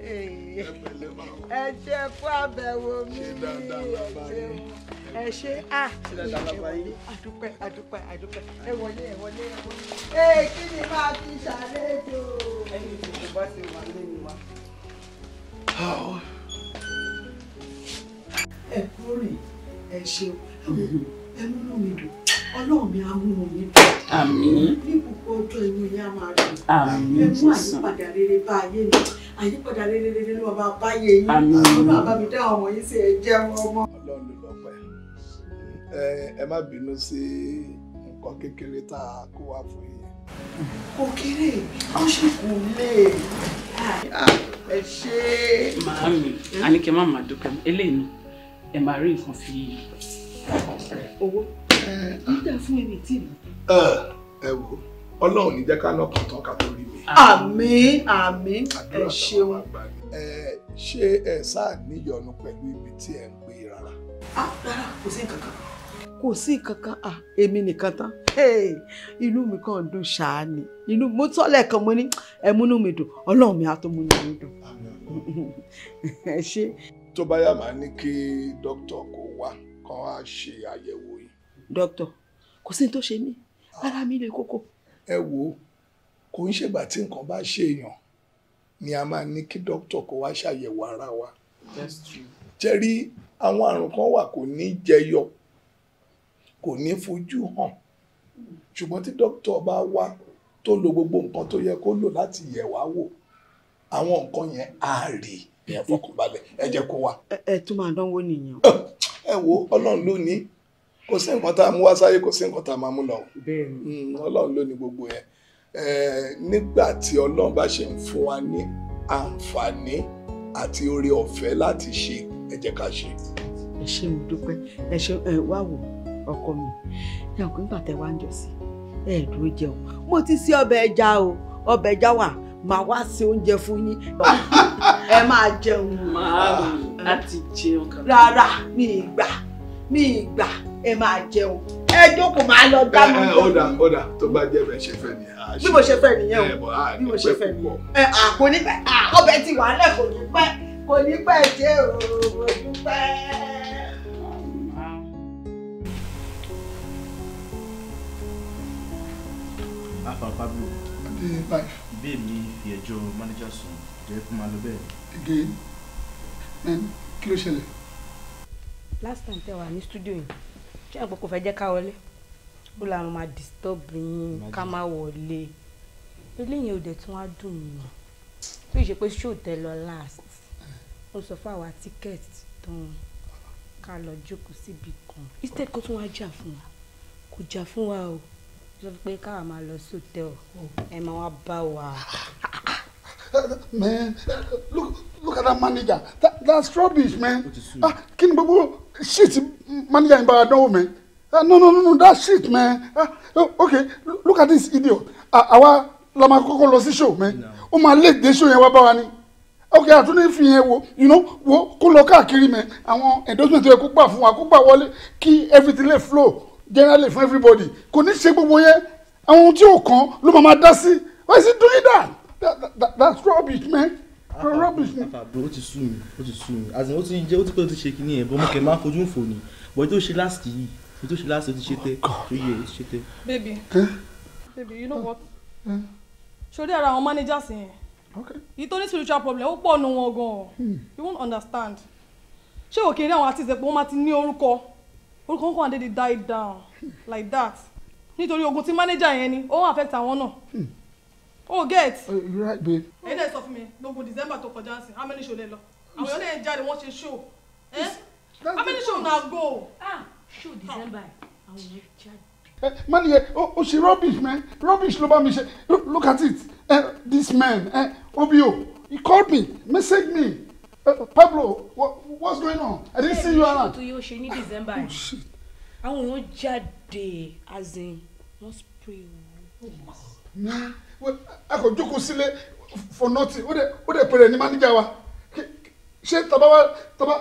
ẹ jẹ́ fún àbẹ̀wò mi ẹ ṣe à àdúpẹ́ àdúpẹ́ àdúpẹ́ ẹ wọlé ẹ wọlé ẹ wọlé ẹ kí ni máa fi ṣàlejò. ẹni tí kò bá ti wà lẹ́nu wa. ẹ kúrò ẹ ṣeun ẹ múnú mi dùn ọlọ́run mi á múnú mi dùn. àmín. ní ọjọ́ inú yẹn á máa dùn. àmín jésù ẹ mú àyípadà rere bá ayé mi àyípadà lélẹ́lẹ́lẹ́ ló bá bá yẹ yín ọlọ́run àbámi dá ọmọ yín sí ẹ jẹ́ ọmọ. ọlọ́run ló lọ pẹ́ ẹ má bínú sí nǹkan kékeré tá a kó wá fún yín. kò kéré ó ṣe kò lè ẹ ṣe. màámi àníkẹ́ má máa dúpẹ́ eléyìí ni ẹ máa rí nǹkan fi owó nígbà fún ẹni tí. ẹ wo ọlọ́run ní jẹ́ ká náà tán ká tó rí àmín àmín ẹ ṣeun. ẹ ṣé ẹ sáà níyọnu pẹ̀lú ibi tí ẹ ń gbé e rárá. Ah, rárá kò sí nǹkan kan kò sí kankan à ah, èmi nìkan tán inú mi kàn dùn ṣáá inú mo tọ́lẹ̀ kan mo ní ẹmúnú mi dùn ọlọ́run mi á tó múnú mi dùn ẹ ṣe. tó bá yá màá ní kí dókítà kó wá kó wá ṣe àyẹ̀wò yìí. dókítà kò sí ní tó ṣe mí ara mi le kókó. ẹ wo kò ń ṣègbà tí nǹkan bá ṣe èèyàn ni a máa ní kí dókítà kó wá ṣàyẹ̀wò ara wa. That's true. jẹ́rí àwọn àrùn kan wà kò ní jẹyọ kò ní fojú hàn ṣùgbọ́n tí dókítà bá wá tó lo gbogbo nǹkan tó yẹ kó lò láti yẹ̀ wá wò àwọn nǹkan yẹn á rí ìyẹn fọkànbalẹ̀ ẹ jẹ́ kó wá. ẹ tún máa dánwò nìyẹn. ẹ wo ọlọ́run ló ní kò sí nǹkan tá a mú wá sáyé kò sí nǹkan tá a máa mú lọ. bẹ́ẹ̀ni mm, ló ní gbogbo yẹn nígbà tí ọlọ́run bá ṣe ń fún wa ní àǹfààní àti oore ọ̀fẹ́ láti ṣe ẹ jẹ́ ká ṣe. ẹ ṣé mo dúpẹ́ ẹ ṣé ẹ wá wò ọkọ mi ẹ kò nígbà tẹ wá ń jọ sí ẹ dúró jẹun mo ti sí ọbẹ̀ ẹja o ọbẹ̀ ẹja wà màá wá sí oúnjẹ fún yín ẹ máa jẹun. màá láti jẹun kan. rárá mi ì gbà mi ì gbà ẹ máa jẹun ẹ jókòó máa lọ dáná. ẹ ọ̀dà ọ̀dà tó bá jẹ́ bẹ́ẹ̀ ṣe fẹ́ nìyẹn. bí mo ṣe fẹ́ nìyẹn o bí mo ṣe fẹ́ nìyẹn. ẹ kò ní pẹ́ ọbẹ̀ ti wà lẹ̀ kò ní pẹ́ kò ní pẹ́ jẹ́ o kò ní pẹ́. afa pablo bẹ́ẹ̀ mi fi ẹjọ́ mánéjà sùn jẹ́ kó máa lọ bẹ́ẹ̀. again man kí ló ṣẹlẹ̀. last time tẹ wà ní studio yìí ṣé ẹ̀ ń fẹ́ jẹ́ ká wọlé ó la máa disturb yín ká má wọlé eléyìí ò dẹ̀ tún wá dùn mí tó yìí ṣe pé ṣó tẹ lọ last ó sọ fún àwa ticket tán ká lọ jókòó síbi kan instead kó tún wá jà fún wa kò jà fún wa o sọ pé káwa máa lọ sóòtẹ́ ọ ẹ máa wá bá wa. man look look at that manager that that's rubbish man ah kí ni shit manager yìí bá man ah no no no no that shit man ah oh, okay look at this idiot àwa la máa kọ́kọ́ show man Oh my leg, they show yẹn what bá wa ni okay àtúndé fi yẹn wo you know wo kó lọ káàkiri man àwọn endorsement yẹn kó gbà fún wa kó gbà wọlé kí everything left flow generally for everybody kò ní ṣe boy? yẹn want ohun tí ò kàn ló máa máa why is he doing that that that that's rubbish man rubbish ti sú mi ó ti sú mi àti ó ti ń jẹ́ ó ti pẹ́ ó ti ṣe kínní yẹn bọ́ mo kẹ́ máa fojú fò ní bọ́ ètò ṣe last yìí ètò ṣe last ó ti ṣe tẹ́ oh ó yẹ ó ti ṣe tẹ́. baby baby you know oh. what eh? ṣorí ara àwọn managers yẹn yìí tó ní spiritual problem ó pọ̀ nù wọn gan-an hmm. you won't understand ṣé òkè rí àwọn artist pé wọ́n máa ti ní orúkọ orúkọ wọn kàn án dédé die down hmm. like that nítorí ogun tí manager yẹn ni ó ń affect àwọn náà. Hmm. Oh, get. Oh, you right babe. ẹ̀yin náà sọ fún mi gbogbo december tó kọjá sí how many show lẹ lọ àwọn èèyàn náà jáde wọ́n ṣe show eh? how many show na go. ah show december àwọn èèyàn jáde. Man, yeah, oh, oh, she rubbish, man. Rubbish, ló bá mi ṣe. Look, at it. Uh, this man, uh, Obio, he called me, messaged me. Uh, Pablo, what, what's going on? I didn't see you around. to you, she need ah, December. oh, shit. Àwọn èèyàn jáde, as in, wọ́n spray wọn a kò jókòó for nothing ó dẹ̀ ó dẹ̀ pèrè ní mánéjà wa ṣé taba wa taba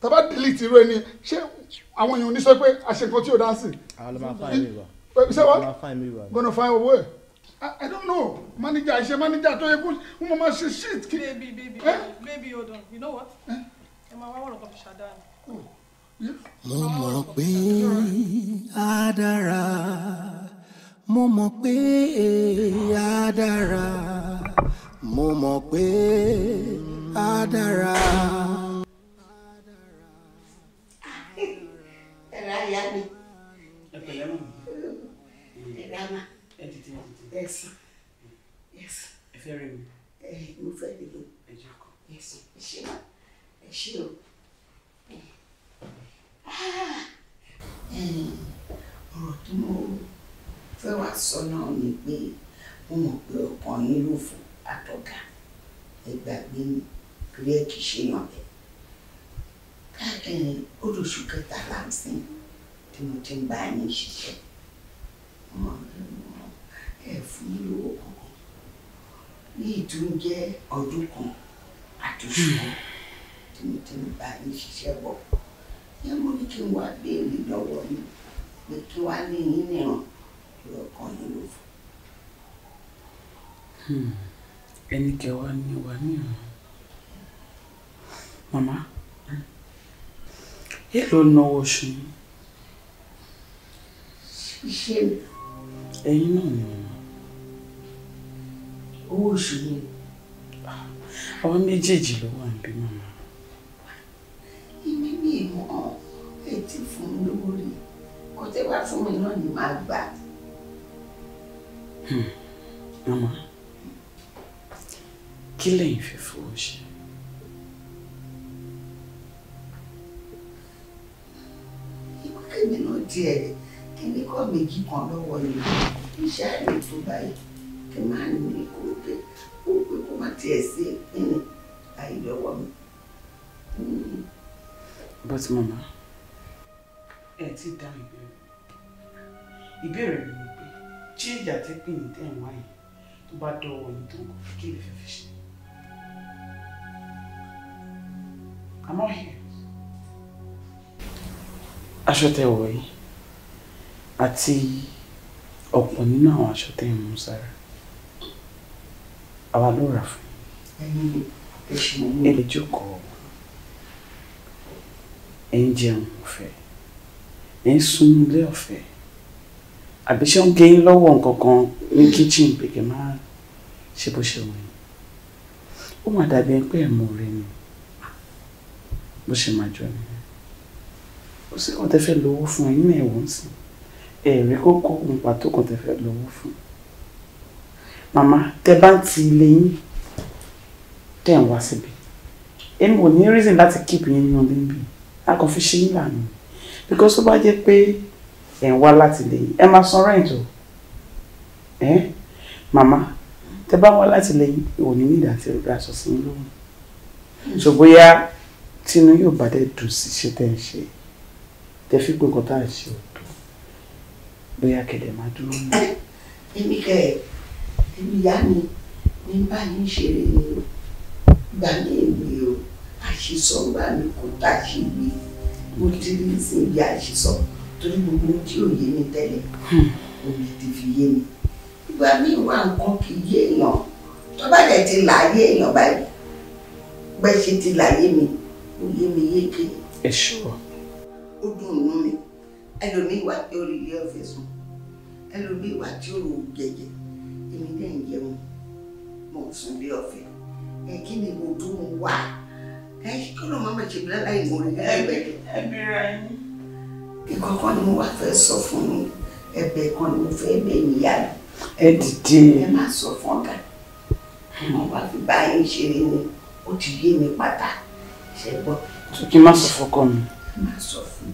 taba delete irú ẹni ṣé àwọn èèyàn ò ní sọ pé a ṣe nǹkan tí ò dá sí. I, don't know. Manager, I say manager, to you who mama say shit. Baby, baby, eh? baby, hold on. You know what? Eh? Emma, I want to come to Mo mọ̀ pé a dára mo mọ̀ pé a dára mo mọ̀ pé a dára. ẹ̀rọ ayá mi ẹ̀rọ ama ẹ̀sìn ẹ̀sìn ẹ̀fẹ́ rẹ̀ mi mo fẹ́ dìbò ẹ̀sìn ẹ̀ṣẹ̀ ma ẹ̀ṣẹ̀ o ah! ọ̀rọ̀ tó mọ̀ ọ́ fẹ́ wá sọ náà ni pé mo mọ̀ pé ọkàn yín ló fún àtọ̀gà ẹgbàgbé mi torí ẹ kì í ṣe yàn bẹ́ẹ̀. káàkiri olóṣù kẹta láǹsìn tí mo ti ń bá yín ṣiṣẹ́ ẹ fún mi lówó kankan ní ìtún jẹ́ ọdún kan àtúnṣe tí mo ti ń bá yín ṣiṣẹ́ bọ̀ yẹn mo ní kí n wá béèrè lọ́wọ́ yín pé kí wá ní yín nìran yóò kàn yín lójú. Hmm. ẹni kẹwàá ni wà ní ìrìn màmá èló hmm. náwó oṣù yìí. ṣíṣe mi. ẹyin náà ni màmá. owó oṣù mi. àwọn méjèèjì ló wà níbí màmá. ìmí mi ò hàn fún mi lórí kò tẹ́ wá fún mi náà ni màá gbà á. Hmm. mama kí lẹ́yìn fẹ́ fowó ṣe. ikú kèmí náà díẹ̀ kíní kọ́ méjì kan lọ́wọ́ ni iṣẹ́ rẹ̀ tó báyìí kí máa ní kó pé kó pé kó má tiẹ̀ sí ẹ̀yìn àìlọ́wọ́ mi. Hmm. but mama ẹ ti dá ìbéèrè ìbéèrè mi change àtẹ́pìn tẹ̀ ń wáyé tó bá dọ̀wọ̀ yìí tó kò fi kí lè ṣe. I'm not here. Aṣọ tẹ wọ̀ yìí àti ọ̀pọ̀ nínú àwọn aṣọ tẹ ń mú sára. Àwa ló rà fún yín. Ẹ lè jókòó. Ẹ ń jẹun ọ̀fẹ́. Ẹ ń sùn nílé ọ̀fẹ́ àbí ṣé ń gé yín lọ́wọ́ nǹkan kan ní kíchìn pé kẹ́ máa ṣe bó ṣe wọ̀nyí ó mà dàbí ẹni pé ẹ̀mú rẹ ni bó ṣe máa jọ nìyẹn ó sì kàn tẹ́ fẹ́ lówó fún ẹ̀yìn náà ẹ̀wọ̀n sí ẹ̀rí kókó ohun pàtó kàn tẹ́ fẹ́ lówó fún màmá tẹ́ bá ti ilé yín tẹ́ ń wá síbi èmi ò ní reason láti keep yín nínú ilé ń bì á kàn fi ṣe yín lànà because ó bá jẹ́ pé ẹ̀ ń wá láti lè ẹ máa san rent o ẹ màmá tẹ bá wá láti lè ò ní ní ìdàtí ìrora aṣọ sí lóhùn ṣò bóyá tinú yóò bá dẹ dùn sí ṣe tẹ ń ṣe tẹ fi gbogbo tá à ṣe òtò bóyá kẹlẹ máa dúró mọ. èmi kẹ èmi yá ni ní báyìí ń ṣeré ni gbà ní èmi o àṣìṣọ gbà mí kò tá a ṣe mo ti rí sí ibi àṣìṣọ torí gbogbo tí ò yé mi tẹ́lẹ̀ hmm. òbí ti fi yé mi ìgbà míì wà nǹkan kì í yé èèyàn tó bá dẹ̀ ti là á yé èèyàn báyìí bẹ́ẹ̀ ṣe ti là yé mi ó yé mi yéke. ẹ ṣọ. ó dùn ún mi ẹlòmíì wà tí ó rí ilé ọ̀fẹ́ sùn ẹlòmíì wà tí ó rò jẹjẹ èmi náà ń jẹun mo sùn ilé ọ̀fẹ́ ẹ kí ni mo dún wá ẹ kí ló máa ma ṣe bí láláì mọ orí ẹgbẹ. ẹ bẹ̀rẹ̀ yín nǹkan kan ni mo wá fẹ́ sọ fún mi ẹ̀bẹ̀ kan ni mo fẹ́ bẹ̀ níyà mi. ẹ dìde. ẹ má sọ fún ọ̀gá mo wá fi báyìí ṣeré ni ó ti yé mi pátá ṣe gbọ́. tukí má sọ fọkọ mi. má sọ fún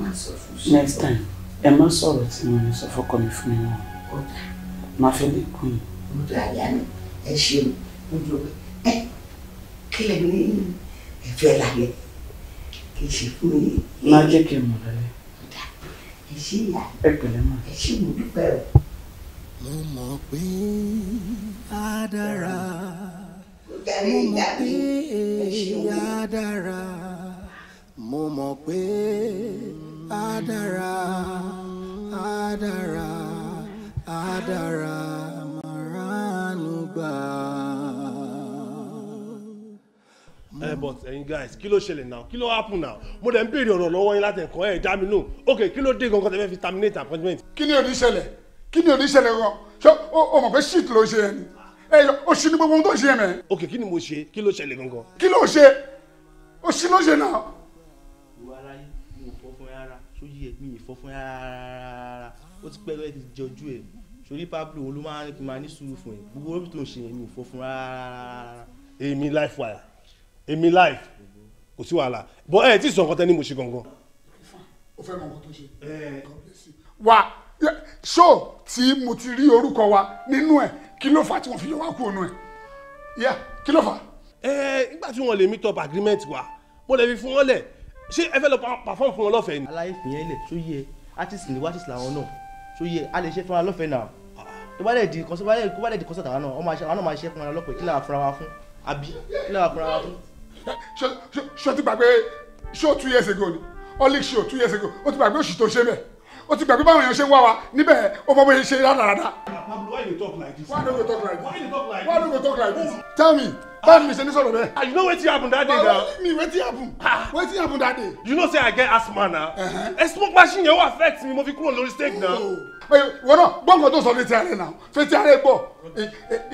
má sọ fún. next time ẹ má sọ̀rọ̀ tí mo ní sọ fọkọ mi fún mi náà. ọ̀dà. má fẹ́ lè kún mi. ọ̀dà ìyá mi ẹ ṣeun ojú ẹ kílẹ̀ ní ẹ̀fẹ́ lálẹ́ kì í ṣe fún mi. má jẹ́ kí n mọ̀ lálẹ́. ẹ ṣe ẹ pẹ̀lẹ́ mọ̀. ẹ mo dúpẹ́ o. mo mọ̀ pé a dára mo mọ̀ pé a dára mo mọ̀ pé a dára a dára a dára màránù gbàá. Eh, but ẹyin eh, guys kí ló ṣẹlẹ̀ now kí ló happen now mo dẹ̀ ń béèrè ọ̀rọ̀ lọ́wọ́ yín láti ẹ̀kọ́ ẹ̀ dá mi nù ok kí ló dé gangan tẹ́ fi terminate appointment. kí ni oníṣẹ̀lẹ̀ kí ni oníṣẹ̀lẹ̀ gan ṣé o mọ̀ pé shit ló ṣe yẹn ni ẹ o ṣì ní gbogbo ohun tó ṣe yẹn mẹ́. ok kí ni mo ṣe kí ló ṣẹlẹ̀ gangan. kí ló ṣe o ṣì ló ṣe náà. sori pablo òun ló máa ń máa ní gbogbo tó ń ṣe yẹn mi ò fọ́ fún life wire In èmi live kò sí wàhálà bọ́ ẹ ti sọ nǹkan tẹ́ ní mo ṣe gangan. o fẹ́ mọ nǹkan tó ṣe. Eh. wà ṣó tí mo ti rí orúkọ wa nínú ẹ kí ló fà tí wọ́n fi yọ wá kúrò nù ẹ kí ló fà. ẹ ẹ eh, nígbà tí wọn lè meet up agreement wa mo lè fi fún wọn lẹ ṣé ẹ fẹ́ lọ perform fún wọn lọ́fẹ̀ẹ́ ni. aláyé fìyẹn lè tó yẹ artiste ni wáṣíṣ làwọn náà tó yẹ a lè ṣe fún wa lọ́fẹ̀ẹ́ náà tó bá dẹ̀ di kọ́sọ̀tà wa náà ọmọ àwọn náà máa ṣe fún wa lọ́pẹ̀ kí làwọn fúnra wa fún àbí kí làwọn fúnra wa fún ṣé o ti gbàgbé show two years ago ni only show two years ago o ti gbàgbé oṣù tó ṣe bẹ́ẹ̀ o ti gbàgbé báwọn èèyàn ṣe ń wá wa níbẹ̀ o mọ bóyá ṣe rádaràda. why you dey talk like this. why you dey talk like this. why you dey talk like this. tell me báwo mi ṣe ní sọ̀rọ̀ bẹ́ẹ̀. you know wetin happen that day na. mi wetin happen wetin happen that day. you know say i get asthma na. ẹ smoke machine yẹn wà affect mi mo fi kúrò lórí stage na. wọ́n náà gbọ́ngàn tó sọ létí ààrẹ náà fetí ààrẹ gbọ́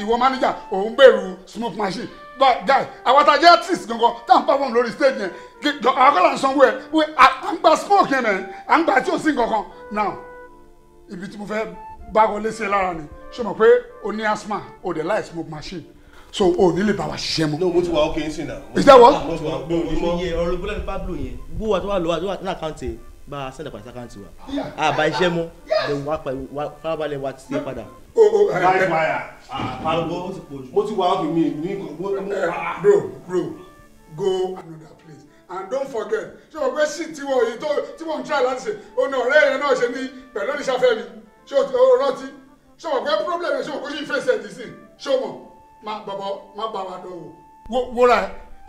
ìwọ manager òun bẹ̀rù smoke machine guy àwọn tá a jẹ́ artist gangan tá à perform lórí stage yẹn àwọn kọ́lá ń sanwó ẹ̀ pé à ń gba smoke yẹn mẹ́ à ń gba tí ò sí nǹkan now ibi tí mo fẹ́ bá wọlé sí ẹ lára ni ṣé o mọ̀ pé o ní asthma o dẹ̀ láì smoke machine so o ní lè bá wa ṣiṣẹ́ mọ́. no mo ti wa ok n sin na. is that what. mo ti wa mi ò ní mọ. iye ọ̀rọ̀ gbọ́dọ̀ ní pablo yẹn gbówó àti wà lọ́wọ́ àti ní àkáǹtì bá a sẹ́dà pàṣẹ àkáǹtì wa àbá iṣẹ́ mọ́ ẹ̀ wá farabalẹ̀ wa oh, oh, ah, ti ṣe padà. o o ẹ ẹ pablo mo ti wa ok mi ní. Ah, ah. bro bro go another place and don't forget ṣé o gbé sí tiwọn yìí tí wọn ń try láti ṣe ọ̀nà ọ̀rẹ́ yẹn náà ṣe ní pẹ̀lú oníṣàfẹ́ mi ṣé o rántí ṣé o problem yẹn ṣé o kó ṣe fèsì ẹ̀ dì sí má bọ̀bọ̀ má bá wa dọ̀ wò wòrà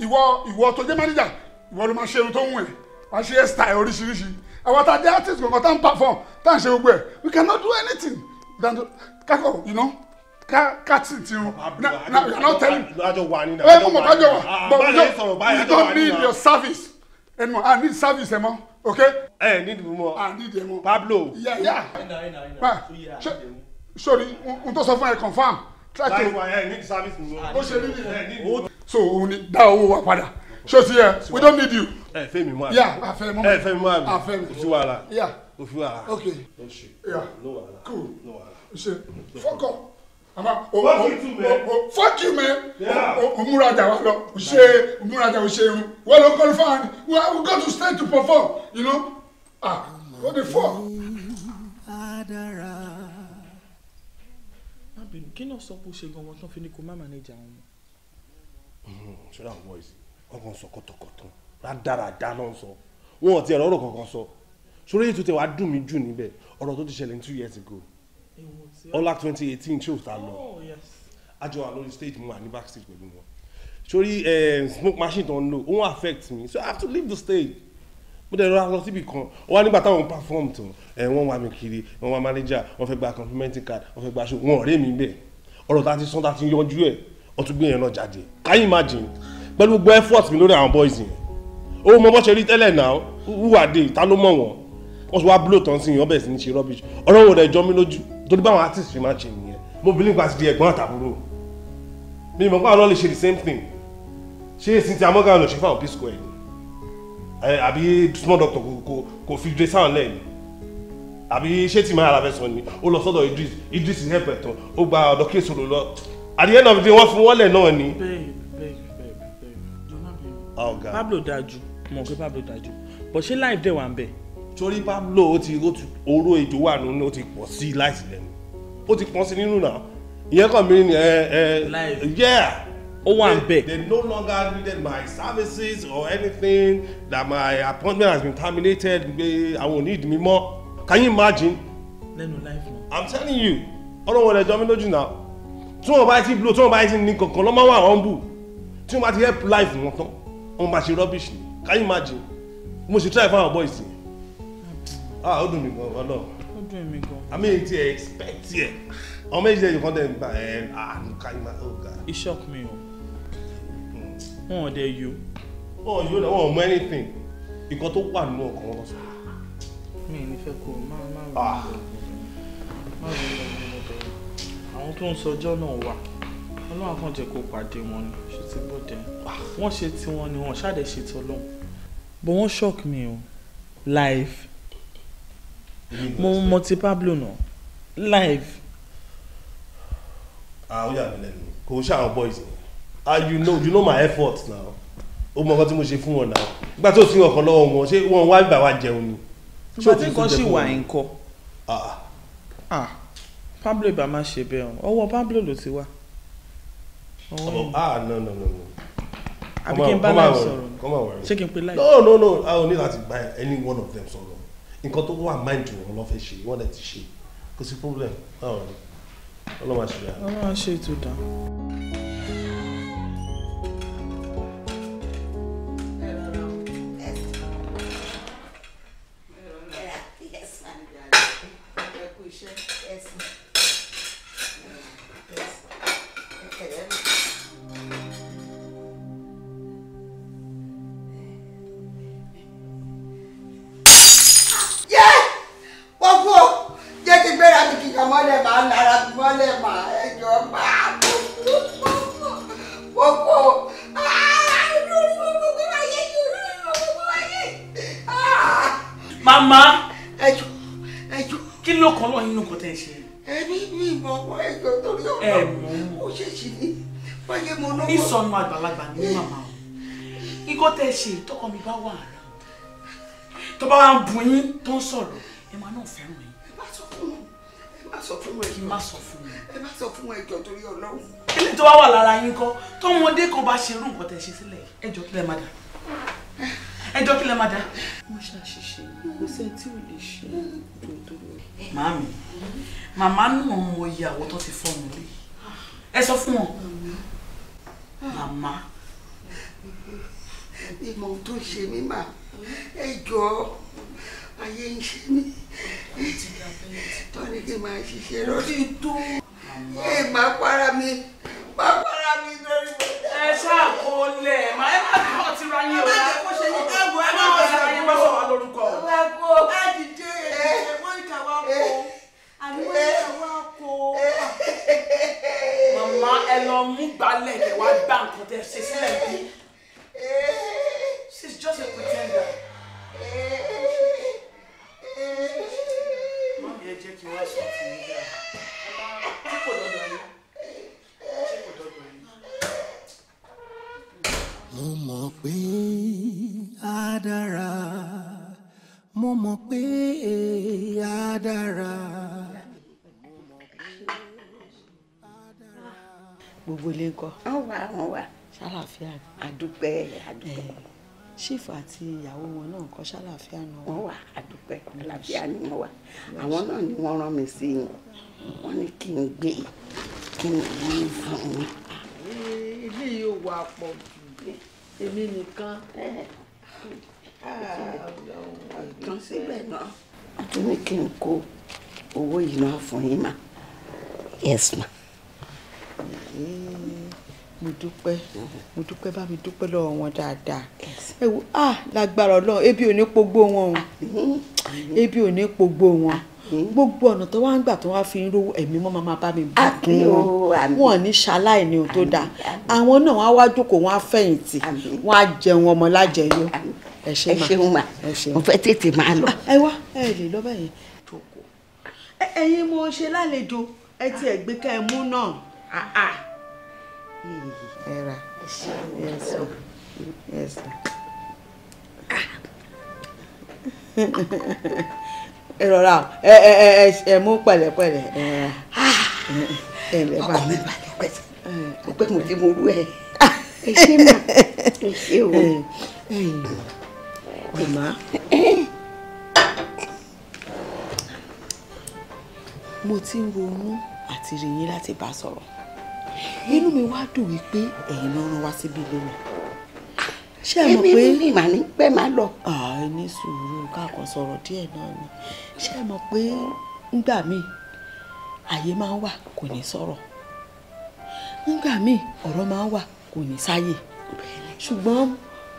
ìwọ ìwọ tó jẹ́ manager ìwọ ló máa ṣe irun tó ń wẹ̀ wá ṣe hair style oríṣiríṣi àwọn tá a jẹ́ artist kankan tá a ń perform tá a ń ṣe gbogbo ẹ̀ we cannot do anything than to kakọ you know kati ti run na na you are tell telling me ẹ mú mọ kájọ wa but we don't we don't need your service ẹnu i need service ẹ mọ okay. ẹ ní ìdìbò mọ i need ẹ Pablo. yẹ yà sori n tó sọ fún ẹ confam tracking bó ṣe rí nìyẹn so òun ni dá owó wa padà ṣé o ti yẹ we don't need you. ẹ fẹ́ mi mọ́ àmì ẹ fẹ́ mi mọ́ àmì àfẹ́ mi òfin wàhálà òfin wàhálà. ok yeah cool ṣe fọkọ àmà o o o fuck you man o o múrajà wa lọ o ṣe o múrajà o ṣe irun wọ́n ló kọ́ fún wa we go to stage to perform you know ah what the fuck bínú kí náà sọ pé ó ṣe gangan tán fi ní kó má mànẹ́jà àwọn ọmọ. Hmm, ṣé àwọn boys ọkàn sọ kọtọkọtọ rádaràdá náà sọ wọn ò tiẹ̀ rọrọ̀ kankan sọ sórí ètò tẹ wàá dùn mí jù níbẹ̀ ọ̀rọ̀ tó ti ṣẹlẹ̀ ní two years ago ọlá twenty eighteen ṣé òòtà lọ àjọ oh, wà lórí stage mu wà ní stage pẹ̀lú wọn sórí eh, smoke machine tó ń lò ó wọ́n affect me so I have to leave the stage mo dẹ̀ rọra lọ síbi kan ó wá nígbà táwọn perform tán ẹ̀ wọ́n wá mi kiri wọ́n wá manager wọ́n fẹ́ gba complimenting card wọ́n fẹ́ gba aṣọ wọn ọ̀rẹ́ mi bẹ̀ ọ̀rọ̀ tá a ti sọ́n tá a ti yanjú ẹ̀ ọtún gbé yẹn náà jáde can you imagine pẹ̀lú gbogbo effort mi lórí àwọn boys yẹn ó mọ bó ṣe rí tẹ́lẹ̀ náà wúwàdé ta ló mọ̀ wọ́n wọ́n sọ wá blow tán sí yẹn ọbẹ̀ sí ní ṣe rubbish ọ̀rọ̀ wo rẹ̀ jọ mí lójú torí báwọn artist fi máa ṣe nìyẹn mo believe pa sí di ẹ̀gbọ́n àtàbúrò mi mọ̀ pé àwọn náà ṣe the same thing ṣé Cynthia Morgan ló ṣe fáwọn P Square Eh, àbí small doctor kò kò kò fi dre sáwọn lẹ́ẹ̀ni àbí ṣé máa ra sọ ni ó lọ sọ́dọ̀ Idris Idris help ẹ̀ tán ó gba ọ̀dọ̀ kéésì lọ at the end of the day wọ́n fún wọ́lẹ̀ náà ni. Ah, Pablo dájú mọ̀ pé Pablo dájú but ṣé life dẹ̀ wà ń bẹ̀. torí Pablo ó ti oró ètò wà nínú ó ti pọ̀ sí láìsí lẹ́nu ó ti pọ̀ sí nínú náà ìyẹn kàn mí ni ẹ eh, ẹ eh, yeah ó wà ń bẹ̀. they no longer needed my services or anything that my appointment has been terminated pé àwọn ò need mi mọ́ can you imagine. life láìpẹ́. i'm telling you ọlọ́wọ́n ẹ̀jọ́ mi lójú náà tí wọ́n bá ti blow tí wọ́n bá ti ní kankan lọ́mọ wà humble tí wọ́n bá ti help life wọn tán wọ́n máa ṣe rubbish ni can you imagine mo ṣe try our boys yẹn ah ó dùn mí gan ọlọ ó dùn mí gan àmì èyí ti expect yẹ ọmọ èyí ti ẹ yìí kàn dé nípa ẹ ah nǹkan ìmọ̀ ọ̀gá. it shock me o wọn ò dẹ yó. wọn ò yó náà wọn ò mọ anything nǹkan tó wà nínú ọkàn wọn lọ́sàn. mi ò ní fẹ́ kó má má ronú ah. má ronú lọ́wọ́ bẹ̀rẹ̀ àwọn tó ń sọjọ́ náà wà ọlọ́run kan jẹ́ kó pàdé wọn ni ṣe ti bọ́dẹ ah. wọ́n ṣe tiwọn ni wọ́n ṣáà dẹ̀ ṣe tọ́lọ́hún but wọ́n shock me o life. mo mọ ti Pablo náà live. àwọn ah, yàrá mi lẹ́nu kò ń ṣàwọn boys yẹn ah you know you know my effort now ó mọ nǹkan tí mo ṣe fún wọn náà nígbà tó sí ọkàn lọ́wọ́ wọn ṣé wọn wá bá wa jẹun ni. ṣé o ti sún jẹ fún wọn. nǹkan ah, ah Pablo ibà máa ṣe bẹ́ẹ̀ o ọwọ́ Pablo ló ti wá. ah, ah no no no no. àbí kí n bá láì sọ̀rọ̀ ṣé kí n pe láì. no no no a ò ní láti bá any one of them sọ̀rọ̀ nǹkan tó wà mind wọn lọ́ fẹ́ ṣe wọ́n dẹ̀ ti ṣe kò sí problem ọlọ́mọ àṣẹ ìtúdà. ṣe tọkọ mi bá wà àrà tó bá ń bu yín tó ń sọ̀rọ̀ ẹ máa náà fẹ́ràn yín. ẹ má sọ fún wọn ẹ má sọ fún wọn ẹ má sọ fún wọn ẹ má sọ fún wọn ẹjọ torí Ọlọ́run. kíni tó bá wà lára yín kọ tọmọdé kan bá ṣerú nǹkan tẹ ṣe sílẹ̀ ẹjọ kílẹ má dà ẹjọ kílẹ má dà. mo ṣàṣìṣe kò sẹ tí ò lè ṣe ìdòdòdò. màámi màmá náà mọ iye àwọn ti fọ́ mi lé ẹ sọ fún wọn màmá mi mọ ohun tó ṣe mí mà ẹ jọ ayé ń ṣe mí tọ́ni kí n máa ṣiṣẹ́ lọ́dí tó ẹ máa para mi máa para mi lórí mi. ẹ ṣáà kó lẹ̀ máa ẹ má àlàáfíà ni. àdúpẹ́ àdúpẹ́. ṣífù eh, àti ìyàwó wọn náà kọ́ ṣàlàáfíà náà. wọ́n wà àdúpẹ́ àlàáfíà ni wọ́n wà àwọn náà ni wọ́n rán mi sí i wọ́n ní kí n gbé kí n gbé fún mi. Eh, ilé yóò wà pọ̀ jù èmi nìkan kan eh. ah, síbẹ̀ náà. a tún ní kí n kó owó yìí náà fún yín mà. yes ma mo dúpẹ́ mm-hmm. mo dúpẹ́ bá mi dúpẹ́ lọ́wọ́ wọn dáadáa ẹ wo ah lágbára ọlọ́run ebi ò ní pogbó wọn o mm-hmm. ebi ò ní pogbó wọn mm-hmm. gbogbo ọ̀nà tó wá ń gbà tó wá fi ń ro ẹ̀mí mọ́ máa bá mi bùkún wọn wọn ní ṣaláì ní ohun tó dáa àwọn náà wọn á wá jókòó wọn á fẹ̀yìntì wọn á jẹun ọmọ lájẹyó ẹ ṣe mà ẹ ṣe mà mo fẹ́ tètè máa lọ. Ah, ẹ wá ẹ lè lọ bẹ́ẹ̀ yẹn jókòó ẹ̀yin mo ṣe lálejò ẹ tiẹ̀ gbé ká ẹ mú náà. Ah, ah ẹ ra ẹ sọ ẹ é é é é ẹ ẹ ẹ mú pẹ̀lẹ́pẹ̀lẹ́ ẹ ẹ lẹ bá mi eh. mo pẹ́ mo ti mo rú ẹ ẹ é mà ẹ ṣe o eh. Eh. màmá. mo ti ń ronú àti rí yín láti bá inú mi wá dùn wípé ẹ̀yin ló rán wá síbí lónìí ṣé ẹ mọ̀ pé èmi mà ní pẹ́ máa lọ. ẹ ní sùúrù káàkan sọ̀rọ̀ díẹ̀ náà ni ṣé ẹ mọ̀ pé ńgbà míì àyè máa ń wà kò ní sọ̀rọ̀ ńgbà míì ọ̀rọ̀ máa ń wà kò ní sáyè ṣùgbọ́n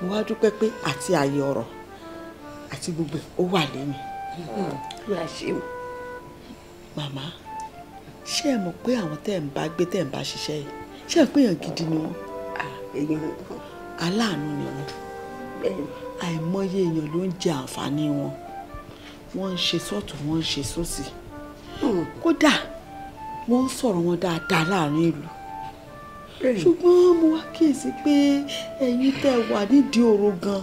mo wá dúpẹ́ pé àti àyè ọ̀rọ̀ àti gbogbo ó wà lẹ́yìn. màmá ṣé ẹ mọ̀ pé àwọn tẹ́ ẹ̀ ń bá gbé tẹ́ ẹ̀ ń bá ṣiṣẹ́ yìí ṣé ẹ péyàn gidi ni wọ́n. aláàánú ni wọ́n àìmọye èèyàn ló ń jẹ àǹfààní wọn wọ́n ń ṣe sọ́ọ̀tún wọ́n ń ṣe sósì hmm. kódà wọ́n ń sọ̀rọ̀ wọn dáadáa láàrin ìlú ṣùgbọ́n mo wá kíyèsí pé ẹ̀yin tẹ́ wà nídìí òru gan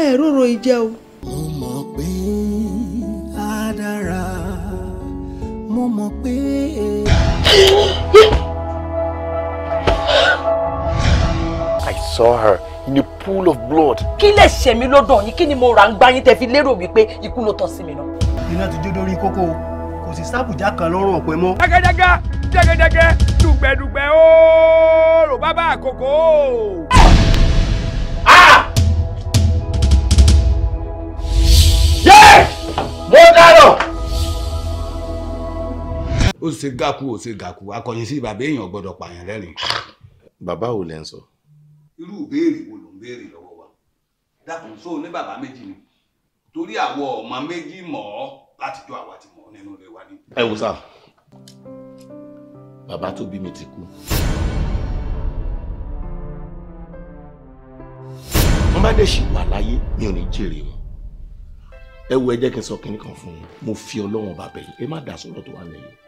ẹ̀ róró ìjẹ́ mo mọ̀ mo mọ̀ pé. Eh. I saw her in a pool of blood. kí lè ṣe mí lọ́dọ̀ yìí kí ni mo ra ń gbá yín tẹ́ fi lérò wípé ikú ló tọ́ sí mi náà. iná ti jó dórí kókó kò sì sábùjá kan lọ́rùn ọ̀pẹ mọ́. dágẹ́dágẹ́ dágẹ́dágẹ́ dùgbẹ̀dùgbẹ̀ ooo rò Yes, àkókò. Ah! mo dárò ó ṣe gáku ó ṣe gàku akọyin sí bàbá èèyàn gbọ́dọ̀ pààyàn lẹ́rìn. bàbá wo lẹ ń sọ. irú ìbéèrè wo ló ń béèrè lọ́wọ́ wa dákun sọ ní bàbá méjì ni torí àwọ ọmọ méjì mọ̀ ọ́ láti jọ àwa ti mọ̀ ọ́ nínú ilé wa ni. ẹ wo sá bàbá tó bí mi ti kú. wọ́n bá dẹ̀ ṣì wà láyé mi ò ní jèrè wọn ẹ wo ẹ jẹ́ kí n sọ kinní kan fún yín mo fi ọlọ́run bàbẹ̀ yìí ẹ má dà sọ́rọ̀ tó wà lẹ́yìn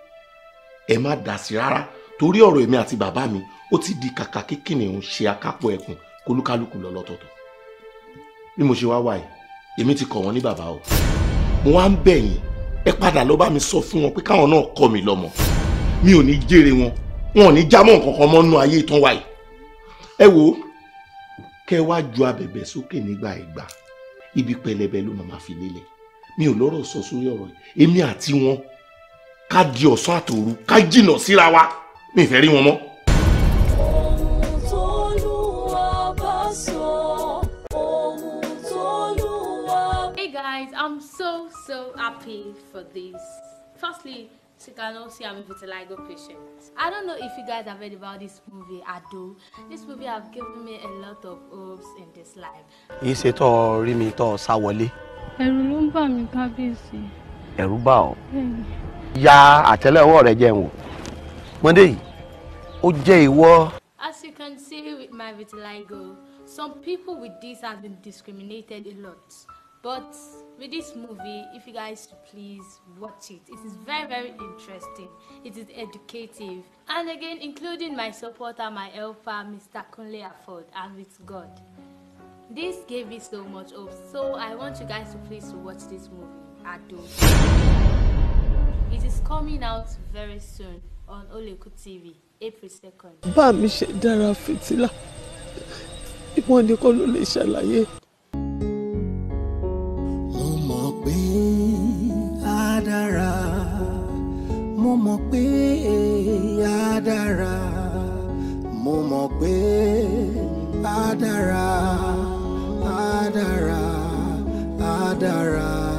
ẹ má dá sí rárá torí ọ̀rọ̀ èmi àti bàbá mi ó ti di kàkà kíkìnì ń ṣe akápò ẹkùn kólúkálùkù lọ bí mo ṣe wá wáyé èmi ti kọ̀ wọ́n ní bàbá o mo wá ń bẹ̀ yín ẹ padà lọ bá mi sọ fún wọn pé káwọn náà kọ̀ mí lọ́mọ mi ò ní jèrè wọn wọn ò ní jámọ́ nǹkan kan mọ́nú ayé ìtàn wáyé ẹ wò kẹ wá ju abẹ̀bẹ̀ sókè nígbà ìgbà ibi pẹlẹbẹ ló máa fi lélẹ̀ mi ò lọ́rọ̀ sọ sórí ọ̀rọ̀ yìí èmi àti wọn ká di ọ̀sán àtòru ká jìnà síra wa mi ìfẹ́ rí wọn mọ́. Hey guys, I'm so so happy for this. Firstly, Sikanosi and vitiligo patient. I don't know if you guys have heard about this movie, I do. This movie have given me a lot of hopes in this life. Yìí ṣe tó rí mi tó sá wọlé. Ẹ̀rù ló ń bà mí kábíyèsí. Ẹ̀rù bà ọ́. Bẹ́ẹ̀ni ya àtẹ́lẹwọ́ rẹ jẹun mọ́ndé yìí ó jẹ́ ìwọ. As you can see with my vitiligo, some people with this have been discriminated a lot. But with this movie, if you guys please watch it, it is very, very interesting. It is educative. And again, including my supporter, my helper, Mr. Kunle Afford, and with God. This gave me so much hope. So I want you guys to please watch this movie. Ado. It is coming out very soon on Oleku TV, April 2nd. Bá mi ṣe dára fìtílà, ìwọ nìkan ló lè ṣàlàyé. Mo mọ̀ pé á dára, mo mọ̀ pé á dára, mo mọ̀ pé á dára, á dára, á dára.